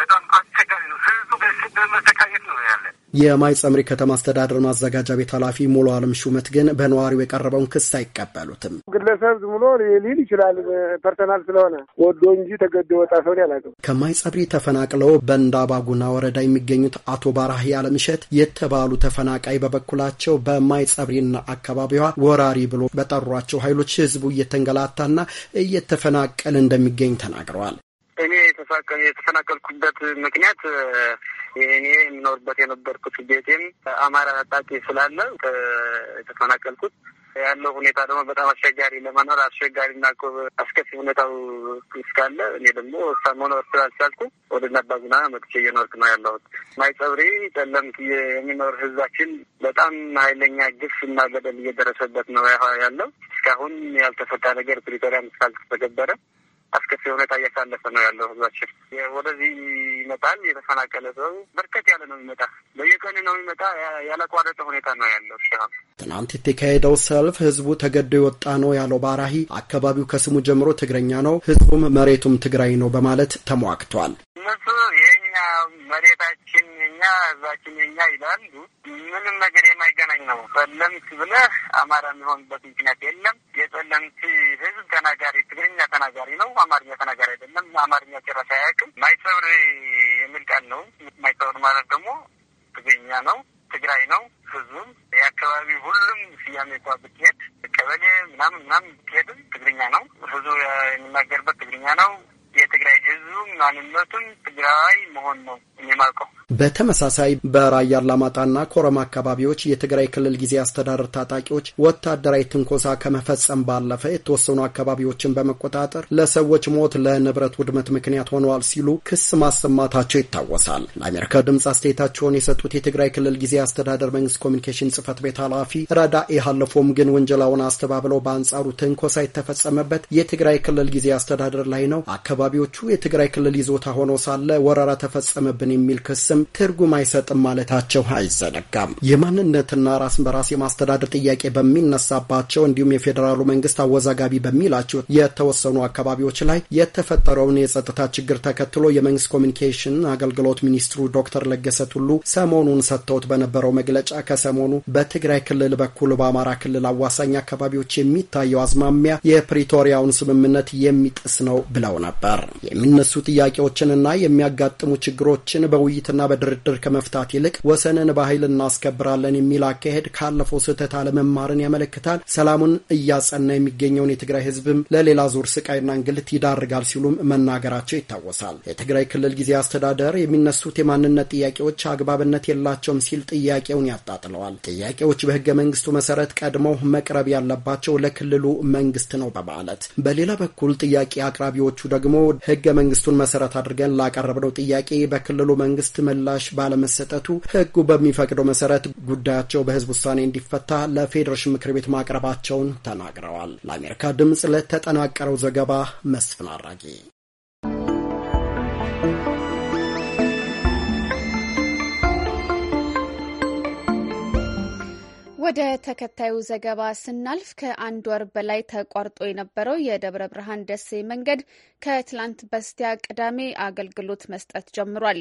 በጣም አስቸጋሪ ነው። ህዝቡ በመሰቃየት ነው ያለ። የማይጸምሪ ከተማ አስተዳደር ማዘጋጃ ቤት ኃላፊ ሙሉ አለም ሹመት ግን በነዋሪው የቀረበውን ክስ አይቀበሉትም። ግለሰብ ዝም ብሎ ሊል ይችላል ፐርሰናል ስለሆነ ወዶ እንጂ ተገዶ ወጣ ሰውን ያላቅም። ከማይጸብሪ ተፈናቅለው በእንዳባጉና ወረዳ የሚገኙት አቶ ባራህ ያለምሸት የተባሉ ተፈናቃይ በበኩላቸው በማይጸብሪና አካባቢዋ ወራሪ ብሎ በጠሯቸው ኃይሎች ህዝቡ እየተንገላታና እየተፈናቀለ እንደሚገኝ ተናግረዋል። የተፈናቀልኩበት ምክንያት እኔ የምኖርበት የነበርኩት ቤቴም አማራ ታጣቂ ስላለ የተፈናቀልኩት ያለው ሁኔታ ደግሞ በጣም አስቸጋሪ ለመኖር አስቸጋሪና አስከፊ ሁኔታው እስካለ እኔ ደግሞ መኖር ስላልቻልኩ ወደ ነባዝና መጥቼ እየኖርክ ነው ያለሁት። ማይጸብሪ ጨለምት የሚኖር ህዝባችን በጣም ኃይለኛ ግፍ እና በደል እየደረሰበት ነው ያለው። እስካሁን ያልተፈታ ነገር ፕሪቶሪያም እስካልተተገበረ አስከፊ ሁኔታ እያሳለፈ ነው ያለው ህዝባችን። ወደዚህ ይመጣል የተፈናቀለ ሰው በርከት ያለ ነው የሚመጣ፣ በየቀኑ ነው የሚመጣ። ያላቋረጠ ሁኔታ ነው ያለው። ትናንት የተካሄደው ሰልፍ ህዝቡ ተገዶ የወጣ ነው ያለው ባራሂ አካባቢው ከስሙ ጀምሮ ትግረኛ ነው፣ ህዝቡም መሬቱም ትግራይ ነው በማለት ተሟግቷል። እነሱ የኛ መሬታችን እኛ እዛችን እኛ ይላሉ። ምንም ነገር የማይገናኝ ነው። ጸለምት ብለህ አማራ የሚሆንበት ምክንያት የለም። የጸለምት ህዝብ ተናጋሪ ትግርኛ ተናጋሪ ነው። አማርኛ ተናጋሪ አይደለም። አማርኛ ጭራሽ አያውቅም። ማይሰብር የሚል ቃል ነው። ማይሰብር ማለት ደግሞ ትግርኛ ነው፣ ትግራይ ነው። ህዝቡም የአካባቢ ሁሉም ስያሜ እንኳ ብትሄድ ቀበሌ ምናምን ምናምን ብትሄድም ትግርኛ ነው። ህዝቡ የሚናገርበት ትግርኛ ነው። የትግራይ ህዝቡ ማንነቱን ትግራይ መሆን ነው የሚማልቀው። በተመሳሳይ በራያ አላማጣና ኮረማ አካባቢዎች የትግራይ ክልል ጊዜ አስተዳደር ታጣቂዎች ወታደራዊ ትንኮሳ ከመፈጸም ባለፈ የተወሰኑ አካባቢዎችን በመቆጣጠር ለሰዎች ሞት፣ ለንብረት ውድመት ምክንያት ሆነዋል ሲሉ ክስ ማሰማታቸው ይታወሳል። ለአሜሪካ ድምፅ አስተያየታቸውን የሰጡት የትግራይ ክልል ጊዜ አስተዳደር መንግስት ኮሚኒኬሽን ጽህፈት ቤት ኃላፊ ረዳኢ ሃለፎም ግን ወንጀላውን አስተባብለው በአንጻሩ ትንኮሳ የተፈጸመበት የትግራይ ክልል ጊዜ አስተዳደር ላይ ነው፣ አካባቢዎቹ የትግራይ ክልል ይዞታ ሆኖ ሳለ ወረራ ተፈጸመብን የሚል ክስም ማለትም ትርጉም አይሰጥም ማለታቸው አይዘነጋም። የማንነትና ራስን በራስ የማስተዳደር ጥያቄ በሚነሳባቸው እንዲሁም የፌዴራሉ መንግስት አወዛጋቢ በሚላቸው የተወሰኑ አካባቢዎች ላይ የተፈጠረውን የጸጥታ ችግር ተከትሎ የመንግስት ኮሚኒኬሽን አገልግሎት ሚኒስትሩ ዶክተር ለገሰ ቱሉ ሰሞኑን ሰጥተውት በነበረው መግለጫ ከሰሞኑ በትግራይ ክልል በኩል በአማራ ክልል አዋሳኝ አካባቢዎች የሚታየው አዝማሚያ የፕሪቶሪያውን ስምምነት የሚጥስ ነው ብለው ነበር። የሚነሱ ጥያቄዎችንና የሚያጋጥሙ ችግሮችን በውይይትና በድርድር ከመፍታት ይልቅ ወሰንን በኃይል እናስከብራለን የሚል አካሄድ ካለፈው ስህተት አለመማርን ያመለክታል። ሰላሙን እያጸና የሚገኘውን የትግራይ ህዝብም ለሌላ ዙር ስቃይና እንግልት ይዳርጋል ሲሉም መናገራቸው ይታወሳል። የትግራይ ክልል ጊዜ አስተዳደር የሚነሱት የማንነት ጥያቄዎች አግባብነት የላቸውም ሲል ጥያቄውን ያጣጥለዋል። ጥያቄዎች በህገ መንግስቱ መሰረት ቀድመው መቅረብ ያለባቸው ለክልሉ መንግስት ነው በማለት በሌላ በኩል ጥያቄ አቅራቢዎቹ ደግሞ ህገ መንግስቱን መሰረት አድርገን ላቀረብነው ጥያቄ በክልሉ መንግስት ምላሽ ባለመሰጠቱ ህጉ በሚፈቅደው መሰረት ጉዳያቸው በህዝብ ውሳኔ እንዲፈታ ለፌዴሬሽን ምክር ቤት ማቅረባቸውን ተናግረዋል። ለአሜሪካ ድምፅ ለተጠናቀረው ዘገባ መስፍን አራጌ። ወደ ተከታዩ ዘገባ ስናልፍ ከአንድ ወር በላይ ተቋርጦ የነበረው የደብረ ብርሃን ደሴ መንገድ ከትላንት በስቲያ ቅዳሜ አገልግሎት መስጠት ጀምሯል።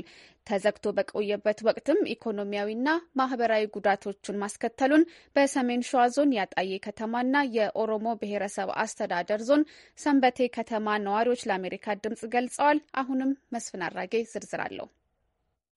ተዘግቶ በቆየበት ወቅትም ኢኮኖሚያዊና ማህበራዊ ጉዳቶችን ማስከተሉን በሰሜን ሸዋ ዞን ያጣዬ ከተማና የኦሮሞ ብሔረሰብ አስተዳደር ዞን ሰንበቴ ከተማ ነዋሪዎች ለአሜሪካ ድምጽ ገልጸዋል። አሁንም መስፍን አራጌ ዝርዝር አለው።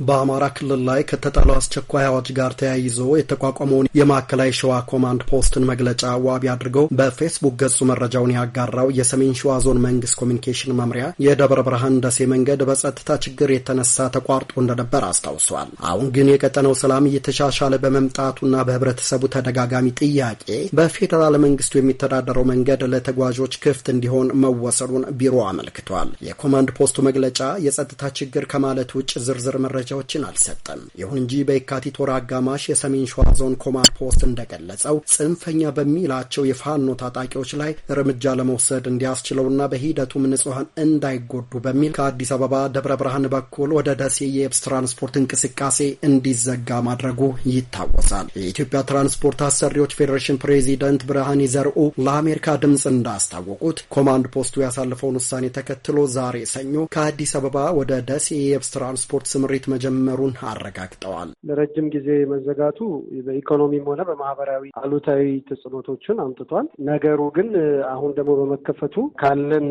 በአማራ ክልል ላይ ከተጣለው አስቸኳይ አዋጅ ጋር ተያይዞ የተቋቋመውን የማዕከላዊ ሸዋ ኮማንድ ፖስትን መግለጫ ዋቢ አድርገው በፌስቡክ ገጹ መረጃውን ያጋራው የሰሜን ሸዋ ዞን መንግስት ኮሚኒኬሽን መምሪያ የደብረ ብርሃን ደሴ መንገድ በጸጥታ ችግር የተነሳ ተቋርጦ እንደነበር አስታውሷል። አሁን ግን የቀጠናው ሰላም እየተሻሻለ በመምጣቱና በህብረተሰቡ ተደጋጋሚ ጥያቄ በፌዴራል መንግስቱ የሚተዳደረው መንገድ ለተጓዦች ክፍት እንዲሆን መወሰዱን ቢሮ አመልክቷል። የኮማንድ ፖስቱ መግለጫ የጸጥታ ችግር ከማለት ውጭ ዝርዝር መረጃ መረጃዎችን አልሰጠም። ይሁን እንጂ በየካቲት ወር አጋማሽ የሰሜን ሸዋ ዞን ኮማንድ ፖስት እንደገለጸው ጽንፈኛ በሚላቸው የፋኖ ታጣቂዎች ላይ እርምጃ ለመውሰድ እንዲያስችለውና በሂደቱም ንጹሐን እንዳይጎዱ በሚል ከአዲስ አበባ ደብረ ብርሃን በኩል ወደ ደሴ የየብስ ትራንስፖርት እንቅስቃሴ እንዲዘጋ ማድረጉ ይታወሳል። የኢትዮጵያ ትራንስፖርት አሰሪዎች ፌዴሬሽን ፕሬዚደንት ብርሃን ይዘርኡ ለአሜሪካ ድምፅ እንዳስታወቁት ኮማንድ ፖስቱ ያሳለፈውን ውሳኔ ተከትሎ ዛሬ ሰኞ ከአዲስ አበባ ወደ ደሴ የየብስ ትራንስፖርት ስምሪት መጀመሩን አረጋግጠዋል። ለረጅም ጊዜ መዘጋቱ በኢኮኖሚም ሆነ በማህበራዊ አሉታዊ ተጽዕኖቶችን አምጥቷል። ነገሩ ግን አሁን ደግሞ በመከፈቱ ካለን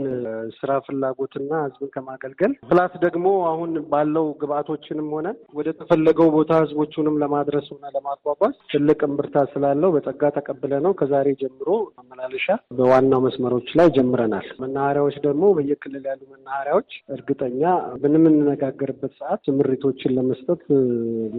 ስራ ፍላጎትና ህዝብን ከማገልገል ፕላስ ደግሞ አሁን ባለው ግብአቶችንም ሆነ ወደ ተፈለገው ቦታ ህዝቦቹንም ለማድረስ ሆነ ለማጓጓዝ ትልቅ እምብርታ ስላለው በጸጋ ተቀብለ ነው ከዛሬ ጀምሮ መመላለሻ በዋናው መስመሮች ላይ ጀምረናል። መናኸሪያዎች ደግሞ በየክልል ያሉ መናኸሪያዎች እርግጠኛ ብንምንነጋገርበት ሰዓት ስምሪቶ አገልግሎቶችን ለመስጠት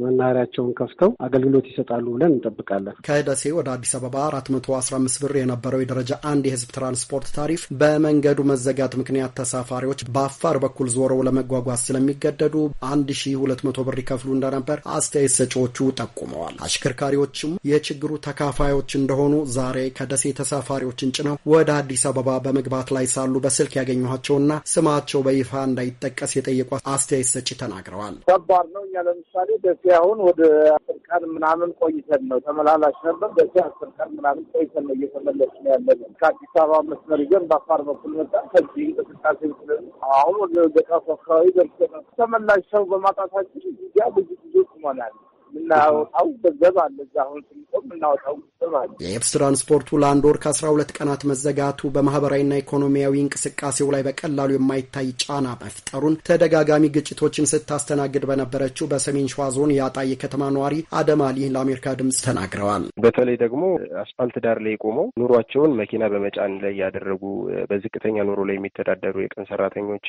መናኸሪያቸውን ከፍተው አገልግሎት ይሰጣሉ ብለን እንጠብቃለን። ከደሴ ወደ አዲስ አበባ 415 ብር የነበረው የደረጃ አንድ የህዝብ ትራንስፖርት ታሪፍ በመንገዱ መዘጋት ምክንያት ተሳፋሪዎች በአፋር በኩል ዞረው ለመጓጓዝ ስለሚገደዱ 1200 ብር ይከፍሉ እንደነበር አስተያየት ሰጪዎቹ ጠቁመዋል። አሽከርካሪዎችም የችግሩ ተካፋዮች እንደሆኑ ዛሬ ከደሴ ተሳፋሪዎችን ጭነው ወደ አዲስ አበባ በመግባት ላይ ሳሉ በስልክ ያገኘኋቸውና ስማቸው በይፋ እንዳይጠቀስ የጠየቁ አስተያየት ሰጪ ተናግረዋል። ነባር ነው። እኛ ለምሳሌ ደሴ አሁን ወደ አስር ቀን ምናምን ቆይተን ነው ተመላላሽ ነበር። ደሴ አስር ቀን ምናምን ቆይተን ነው እየተመለስ ነው ከአዲስ አበባ መስመር ይዘን በአፋር በኩል መጣ። ከዚህ እንቅስቃሴ ስለ አሁን ወደ ገጣፉ አካባቢ ደርሰናል። ተመላሽ ሰው በማጣታችን ያ ብዙ ጊዜ ቁመናል። የምናወጣው ገንዘብ አለ። እዛ አሁን ትልቆ የምናወጣው ገንዘብ አለ። የየብስ ትራንስፖርቱ ለአንድ ወር ከአስራ ሁለት ቀናት መዘጋቱ በማህበራዊና ኢኮኖሚያዊ እንቅስቃሴው ላይ በቀላሉ የማይታይ ጫና መፍጠሩን ተደጋጋሚ ግጭቶችን ስታስተናግድ በነበረችው በሰሜን ሸዋ ዞን የአጣዬ ከተማ ነዋሪ አደም አሊ ለአሜሪካ ድምጽ ተናግረዋል። በተለይ ደግሞ አስፋልት ዳር ላይ ቆመው ኑሯቸውን መኪና በመጫን ላይ ያደረጉ በዝቅተኛ ኑሮ ላይ የሚተዳደሩ የቀን ሰራተኞች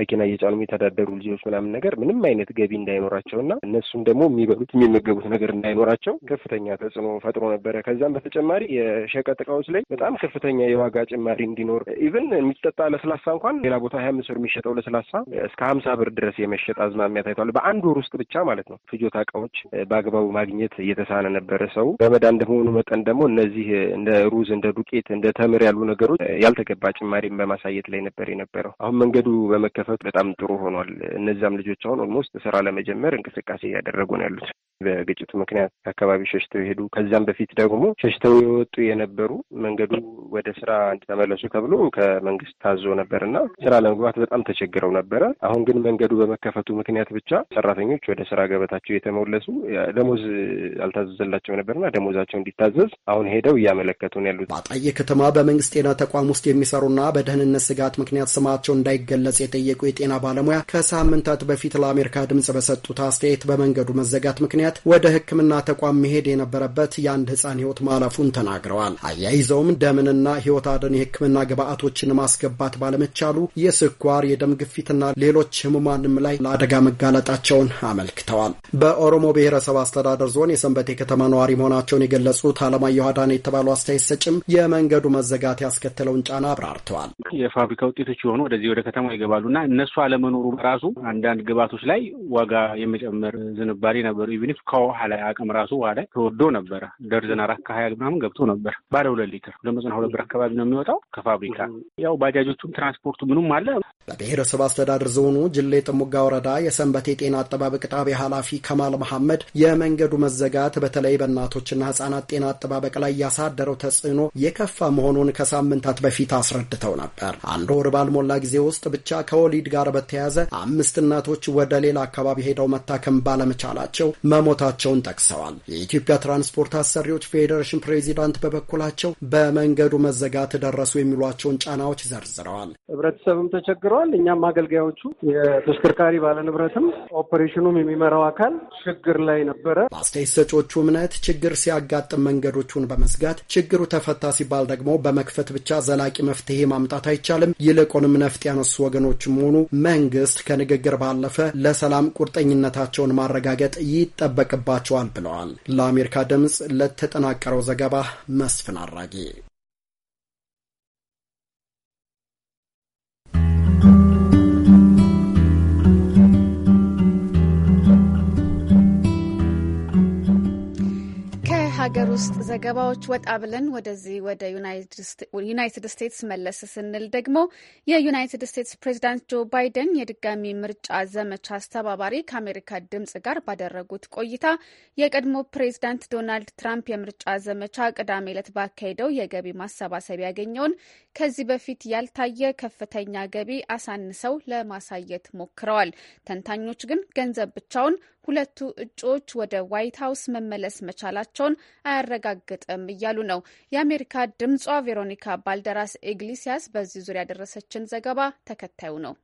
መኪና እየጫኑ የሚተዳደሩ ልጆች ምናምን ነገር ምንም አይነት ገቢ እንዳይኖራቸውና እነሱም ደግሞ የሚበሉት የሚመገቡት ነገር እንዳይኖራቸው ከፍተኛ ተጽዕኖ ፈጥሮ ነበረ። ከዛም በተጨማሪ የሸቀጥ እቃዎች ላይ በጣም ከፍተኛ የዋጋ ጭማሪ እንዲኖር ኢቨን የሚጠጣ ለስላሳ እንኳን ሌላ ቦታ ሀያ አምስት ብር የሚሸጠው ለስላሳ እስከ ሀምሳ ብር ድረስ የመሸጥ አዝማሚያ ታይቷል። በአንድ ወር ውስጥ ብቻ ማለት ነው። ፍጆታ እቃዎች በአግባቡ ማግኘት እየተሳነ ነበረ። ሰው በመዳን እንደመሆኑ መጠን ደግሞ እነዚህ እንደ ሩዝ፣ እንደ ዱቄት፣ እንደ ተምር ያሉ ነገሮች ያልተገባ ጭማሪም በማሳየት ላይ ነበር የነበረው። አሁን መንገዱ በመከፈቱ በጣም ጥሩ ሆኗል። እነዚያም ልጆች አሁን ኦልሞስት ስራ ለመጀመር እንቅስቃሴ እያደረጉ ነው ያሉት። በግጭቱ ምክንያት ከአካባቢ ሸሽተው የሄዱ ከዚያም በፊት ደግሞ ሸሽተው የወጡ የነበሩ መንገዱ ወደ ስራ እንዲተመለሱ ተብሎ ከመንግስት ታዞ ነበር እና ስራ ለመግባት በጣም ተቸግረው ነበረ። አሁን ግን መንገዱ በመከፈቱ ምክንያት ብቻ ሰራተኞች ወደ ስራ ገበታቸው የተመለሱ ደሞዝ አልታዘዘላቸው ነበርና ደሞዛቸው እንዲታዘዝ አሁን ሄደው እያመለከቱ ነው ያሉት። በአጣዬ ከተማ በመንግስት ጤና ተቋም ውስጥ የሚሰሩና በደህንነት ስጋት ምክንያት ስማቸው እንዳይገለጽ የጠየቁ የጤና ባለሙያ ከሳምንታት በፊት ለአሜሪካ ድምጽ በሰጡት አስተያየት በመንገዱ መዘጋት ምክንያት ምክንያት ወደ ሕክምና ተቋም መሄድ የነበረበት የአንድ ህጻን ህይወት ማለፉን ተናግረዋል። አያይዘውም ደምንና ህይወት አድን የሕክምና ግብአቶችን ማስገባት ባለመቻሉ የስኳር፣ የደም ግፊትና ሌሎች ህሙማንም ላይ ለአደጋ መጋለጣቸውን አመልክተዋል። በኦሮሞ ብሔረሰብ አስተዳደር ዞን የሰንበቴ ከተማ ነዋሪ መሆናቸውን የገለጹት አለማየሁ አዳነ የተባሉ አስተያየት ሰጭም የመንገዱ መዘጋት ያስከተለውን ጫና አብራርተዋል። የፋብሪካ ውጤቶች የሆኑ ወደዚህ ወደ ከተማ ይገባሉና እነሱ አለመኖሩ በራሱ አንዳንድ ግብአቶች ላይ ዋጋ የመጨመር ዝንባሌ ነበሩ። ኢቭን ዱቄቱ ከውሃ ላይ አቅም ራሱ ውሃ ላይ ተወዶ ነበረ። ደርዘን አራት ከሀያ ምናምን ገብቶ ነበር። ባለ ሁለት ሊትር ሁለት መቶ ሁለት ብር አካባቢ ነው የሚወጣው ከፋብሪካ ያው ባጃጆቹም ትራንስፖርቱ ምኑም አለ በብሔረሰብ አስተዳደር ዞኑ ጅሌ ጥሙጋ ወረዳ የሰንበት የጤና አጠባበቅ ጣቢያ ኃላፊ ከማል መሐመድ የመንገዱ መዘጋት በተለይ በእናቶችና ህጻናት ጤና አጠባበቅ ላይ ያሳደረው ተጽዕኖ የከፋ መሆኑን ከሳምንታት በፊት አስረድተው ነበር። አንድ ወር ባልሞላ ጊዜ ውስጥ ብቻ ከወሊድ ጋር በተያያዘ አምስት እናቶች ወደ ሌላ አካባቢ ሄደው መታከም ባለመቻላቸው መሞታቸውን ጠቅሰዋል። የኢትዮጵያ ትራንስፖርት አሰሪዎች ፌዴሬሽን ፕሬዚዳንት በበኩላቸው በመንገዱ መዘጋት ደረሱ የሚሏቸውን ጫናዎች ዘርዝረዋል። ህብረተሰብም ተቸግሮ ተናግረዋል። እኛም አገልጋዮቹ የተሽከርካሪ ባለንብረትም ኦፕሬሽኑም የሚመራው አካል ችግር ላይ ነበረ። በአስተያየት ሰጪዎቹ እምነት ችግር ሲያጋጥም መንገዶቹን በመዝጋት ችግሩ ተፈታ ሲባል ደግሞ በመክፈት ብቻ ዘላቂ መፍትሄ ማምጣት አይቻልም። ይልቁንም ነፍጥ ያነሱ ወገኖችም ሆኑ መንግስት ከንግግር ባለፈ ለሰላም ቁርጠኝነታቸውን ማረጋገጥ ይጠበቅባቸዋል ብለዋል። ለአሜሪካ ድምፅ ለተጠናቀረው ዘገባ መስፍን አራጌ ከሀገር ውስጥ ዘገባዎች ወጣ ብለን ወደዚህ ወደ ዩናይትድ ስቴትስ መለስ ስንል ደግሞ የዩናይትድ ስቴትስ ፕሬዚዳንት ጆ ባይደን የድጋሚ ምርጫ ዘመቻ አስተባባሪ ከአሜሪካ ድምጽ ጋር ባደረጉት ቆይታ የቀድሞ ፕሬዚዳንት ዶናልድ ትራምፕ የምርጫ ዘመቻ ቅዳሜ ዕለት ባካሄደው የገቢ ማሰባሰብ ያገኘውን ከዚህ በፊት ያልታየ ከፍተኛ ገቢ አሳንሰው ለማሳየት ሞክረዋል። ተንታኞች ግን ገንዘብ ብቻውን ሁለቱ እጩዎች ወደ ዋይት ሀውስ መመለስ መቻላቸውን አያረጋግጥም እያሉ ነው። የአሜሪካ ድምጿ ቬሮኒካ ባልደራስ ኢግሊሲያስ በዚህ ዙሪያ ያደረሰችን ዘገባ ተከታዩ ነው።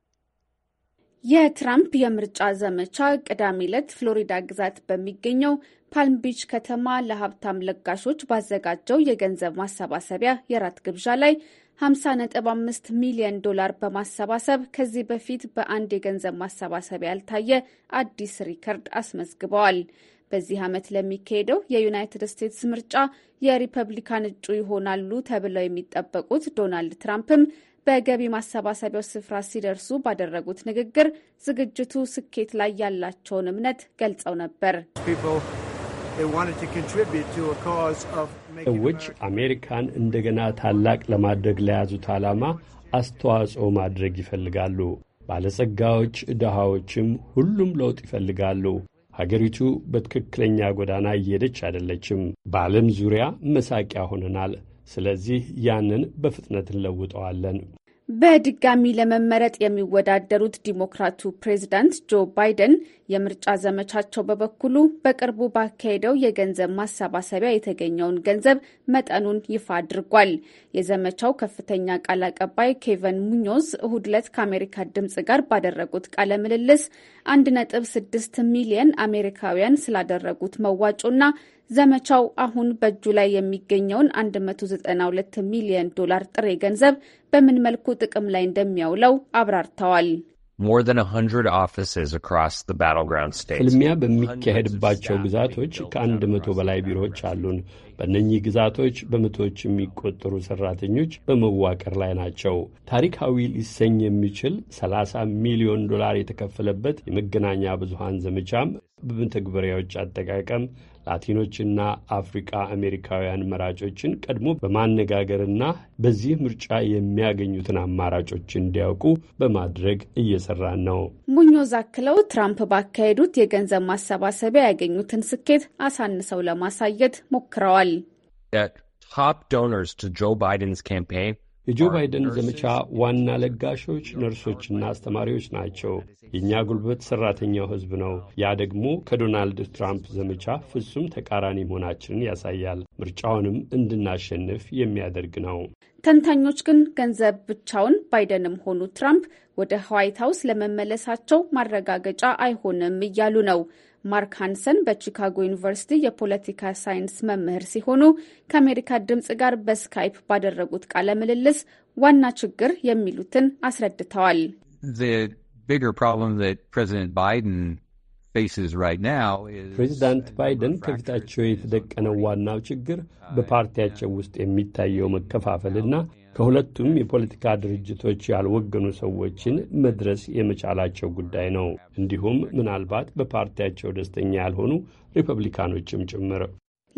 የትራምፕ የምርጫ ዘመቻ ቅዳሜ ዕለት ፍሎሪዳ ግዛት በሚገኘው ፓልም ቢች ከተማ ለሀብታም ለጋሾች ባዘጋጀው የገንዘብ ማሰባሰቢያ የራት ግብዣ ላይ 50.5 ሚሊዮን ዶላር በማሰባሰብ ከዚህ በፊት በአንድ የገንዘብ ማሰባሰብ ያልታየ አዲስ ሪከርድ አስመዝግበዋል። በዚህ ዓመት ለሚካሄደው የዩናይትድ ስቴትስ ምርጫ የሪፐብሊካን እጩ ይሆናሉ ተብለው የሚጠበቁት ዶናልድ ትራምፕም በገቢ ማሰባሰቢያው ስፍራ ሲደርሱ ባደረጉት ንግግር ዝግጅቱ ስኬት ላይ ያላቸውን እምነት ገልጸው ነበር። ሰዎች አሜሪካን እንደገና ታላቅ ለማድረግ ለያዙት ዓላማ አስተዋጽኦ ማድረግ ይፈልጋሉ። ባለጸጋዎች፣ ድሃዎችም ሁሉም ለውጥ ይፈልጋሉ። ሀገሪቱ በትክክለኛ ጎዳና እየሄደች አይደለችም። በዓለም ዙሪያ መሳቂያ ሆነናል። ስለዚህ ያንን በፍጥነት እንለውጠዋለን። በድጋሚ ለመመረጥ የሚወዳደሩት ዲሞክራቱ ፕሬዚዳንት ጆ ባይደን የምርጫ ዘመቻቸው በበኩሉ በቅርቡ ባካሄደው የገንዘብ ማሰባሰቢያ የተገኘውን ገንዘብ መጠኑን ይፋ አድርጓል። የዘመቻው ከፍተኛ ቃል አቀባይ ኬቨን ሙኞዝ እሁድ ዕለት ከአሜሪካ ድምጽ ጋር ባደረጉት ቃለ ምልልስ 1.6 ሚሊየን አሜሪካውያን ስላደረጉት መዋጮና ዘመቻው አሁን በእጁ ላይ የሚገኘውን 192 ሚሊየን ዶላር ጥሬ ገንዘብ በምን መልኩ ጥቅም ላይ እንደሚያውለው አብራርተዋል። ፍልሚያ በሚካሄድባቸው ግዛቶች ከአንድ መቶ በላይ ቢሮዎች አሉን። በእነኚህ ግዛቶች በመቶዎች የሚቆጠሩ ሠራተኞች በመዋቀር ላይ ናቸው። ታሪካዊ ሊሰኝ የሚችል 30 ሚሊዮን ዶላር የተከፈለበት የመገናኛ ብዙሃን ዘመቻም በመተግበሪያዎች አጠቃቀም ላቲኖችና አፍሪካ አሜሪካውያን መራጮችን ቀድሞ በማነጋገርና በዚህ ምርጫ የሚያገኙትን አማራጮች እንዲያውቁ በማድረግ እየሰራን ነው። ሙኞዝ አክለው ትራምፕ ባካሄዱት የገንዘብ ማሰባሰቢያ ያገኙትን ስኬት አሳንሰው ለማሳየት ሞክረዋል። ዶነርስ ጆ ባይደንስ ካምፔን የጆ ባይደን ዘመቻ ዋና ለጋሾች ነርሶችና አስተማሪዎች ናቸው። የእኛ ጉልበት ሠራተኛው ሕዝብ ነው። ያ ደግሞ ከዶናልድ ትራምፕ ዘመቻ ፍጹም ተቃራኒ መሆናችንን ያሳያል። ምርጫውንም እንድናሸንፍ የሚያደርግ ነው። ተንታኞች ግን ገንዘብ ብቻውን ባይደንም ሆኑ ትራምፕ ወደ ዋይት ሀውስ ለመመለሳቸው ማረጋገጫ አይሆንም እያሉ ነው። ማርክ ሃንሰን በቺካጎ ዩኒቨርሲቲ የፖለቲካ ሳይንስ መምህር ሲሆኑ ከአሜሪካ ድምፅ ጋር በስካይፕ ባደረጉት ቃለ ምልልስ ዋና ችግር የሚሉትን አስረድተዋል። ፕሬዚዳንት ባይደን ከፊታቸው የተደቀነው ዋናው ችግር በፓርቲያቸው ውስጥ የሚታየው መከፋፈልና ከሁለቱም የፖለቲካ ድርጅቶች ያልወገኑ ሰዎችን መድረስ የመቻላቸው ጉዳይ ነው። እንዲሁም ምናልባት በፓርቲያቸው ደስተኛ ያልሆኑ ሪፐብሊካኖችም ጭምር።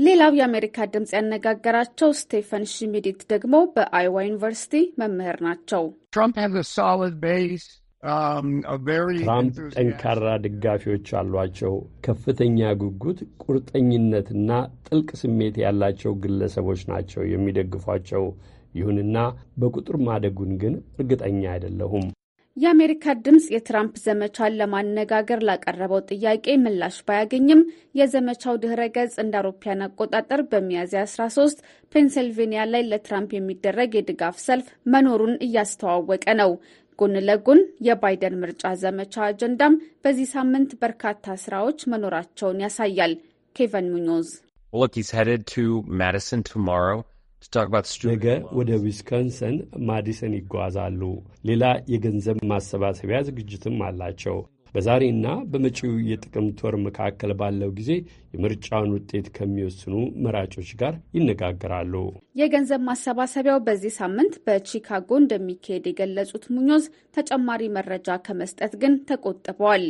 ሌላው የአሜሪካ ድምፅ ያነጋገራቸው ስቴፈን ሽሚዲት ደግሞ በአይዋ ዩኒቨርሲቲ መምህር ናቸው። ትራምፕ ጠንካራ ደጋፊዎች አሏቸው። ከፍተኛ ጉጉት፣ ቁርጠኝነትና ጥልቅ ስሜት ያላቸው ግለሰቦች ናቸው የሚደግፏቸው። ይሁንና በቁጥር ማደጉን ግን እርግጠኛ አይደለሁም። የአሜሪካ ድምፅ የትራምፕ ዘመቻን ለማነጋገር ላቀረበው ጥያቄ ምላሽ ባያገኝም የዘመቻው ድህረ ገጽ እንደ አውሮፓያን አቆጣጠር በሚያዝያ 13 ፔንሲልቬኒያ ላይ ለትራምፕ የሚደረግ የድጋፍ ሰልፍ መኖሩን እያስተዋወቀ ነው። ጎን ለጎን የባይደን ምርጫ ዘመቻ አጀንዳም በዚህ ሳምንት በርካታ ስራዎች መኖራቸውን ያሳያል። ኬቨን ሙኞዝ ነገ ወደ ዊስኮንሰን ማዲሰን ይጓዛሉ። ሌላ የገንዘብ ማሰባሰቢያ ዝግጅትም አላቸው። በዛሬና በመጪው የጥቅምት ወር መካከል ባለው ጊዜ የምርጫውን ውጤት ከሚወስኑ መራጮች ጋር ይነጋገራሉ። የገንዘብ ማሰባሰቢያው በዚህ ሳምንት በቺካጎ እንደሚካሄድ የገለጹት ሙኞዝ ተጨማሪ መረጃ ከመስጠት ግን ተቆጥበዋል።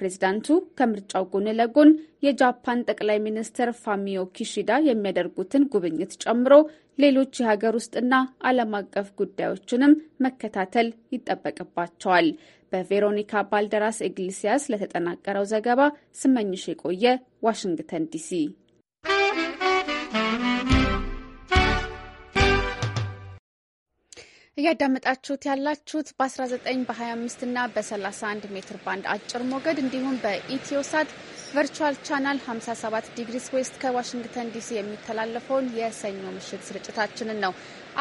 ፕሬዚዳንቱ ከምርጫው ጎን ለጎን የጃፓን ጠቅላይ ሚኒስትር ፋሚዮ ኪሺዳ የሚያደርጉትን ጉብኝት ጨምሮ ሌሎች የሀገር ውስጥና ዓለም አቀፍ ጉዳዮችንም መከታተል ይጠበቅባቸዋል። በቬሮኒካ ባልደራስ ኢግሊሲያስ ለተጠናቀረው ዘገባ ስመኝሽ የቆየ ዋሽንግተን ዲሲ እያዳመጣችሁት ያላችሁት በ19 በ25 እና በ31 ሜትር ባንድ አጭር ሞገድ እንዲሁም በኢትዮሳት ቨርቹዋል ቻናል 57 ዲግሪስ ዌስት ከዋሽንግተን ዲሲ የሚተላለፈውን የሰኞ ምሽት ስርጭታችንን ነው።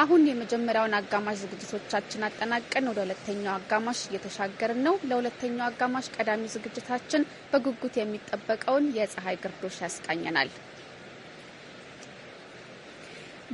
አሁን የመጀመሪያውን አጋማሽ ዝግጅቶቻችን አጠናቀን ወደ ሁለተኛው አጋማሽ እየተሻገርን ነው። ለሁለተኛው አጋማሽ ቀዳሚ ዝግጅታችን በጉጉት የሚጠበቀውን የፀሐይ ግርዶሽ ያስቃኘናል።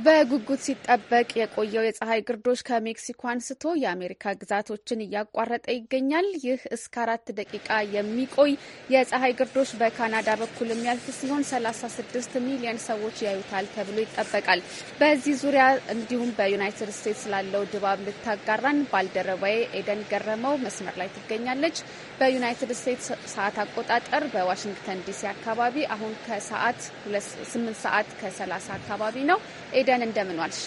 በጉጉት ሲጠበቅ የቆየው የፀሐይ ግርዶሽ ከሜክሲኮ አንስቶ የአሜሪካ ግዛቶችን እያቋረጠ ይገኛል። ይህ እስከ አራት ደቂቃ የሚቆይ የፀሐይ ግርዶሽ በካናዳ በኩል የሚያልፍ ሲሆን 36 ሚሊዮን ሰዎች ያዩታል ተብሎ ይጠበቃል። በዚህ ዙሪያ እንዲሁም በዩናይትድ ስቴትስ ስላለው ድባብ ልታጋራን ባልደረባዬ ኤደን ገረመው መስመር ላይ ትገኛለች። በዩናይትድ ስቴትስ ሰዓት አቆጣጠር በዋሽንግተን ዲሲ አካባቢ አሁን ከሰዓት 8 ሰዓት ከ30 አካባቢ ነው። ኤደን እንደምን ዋልሽ?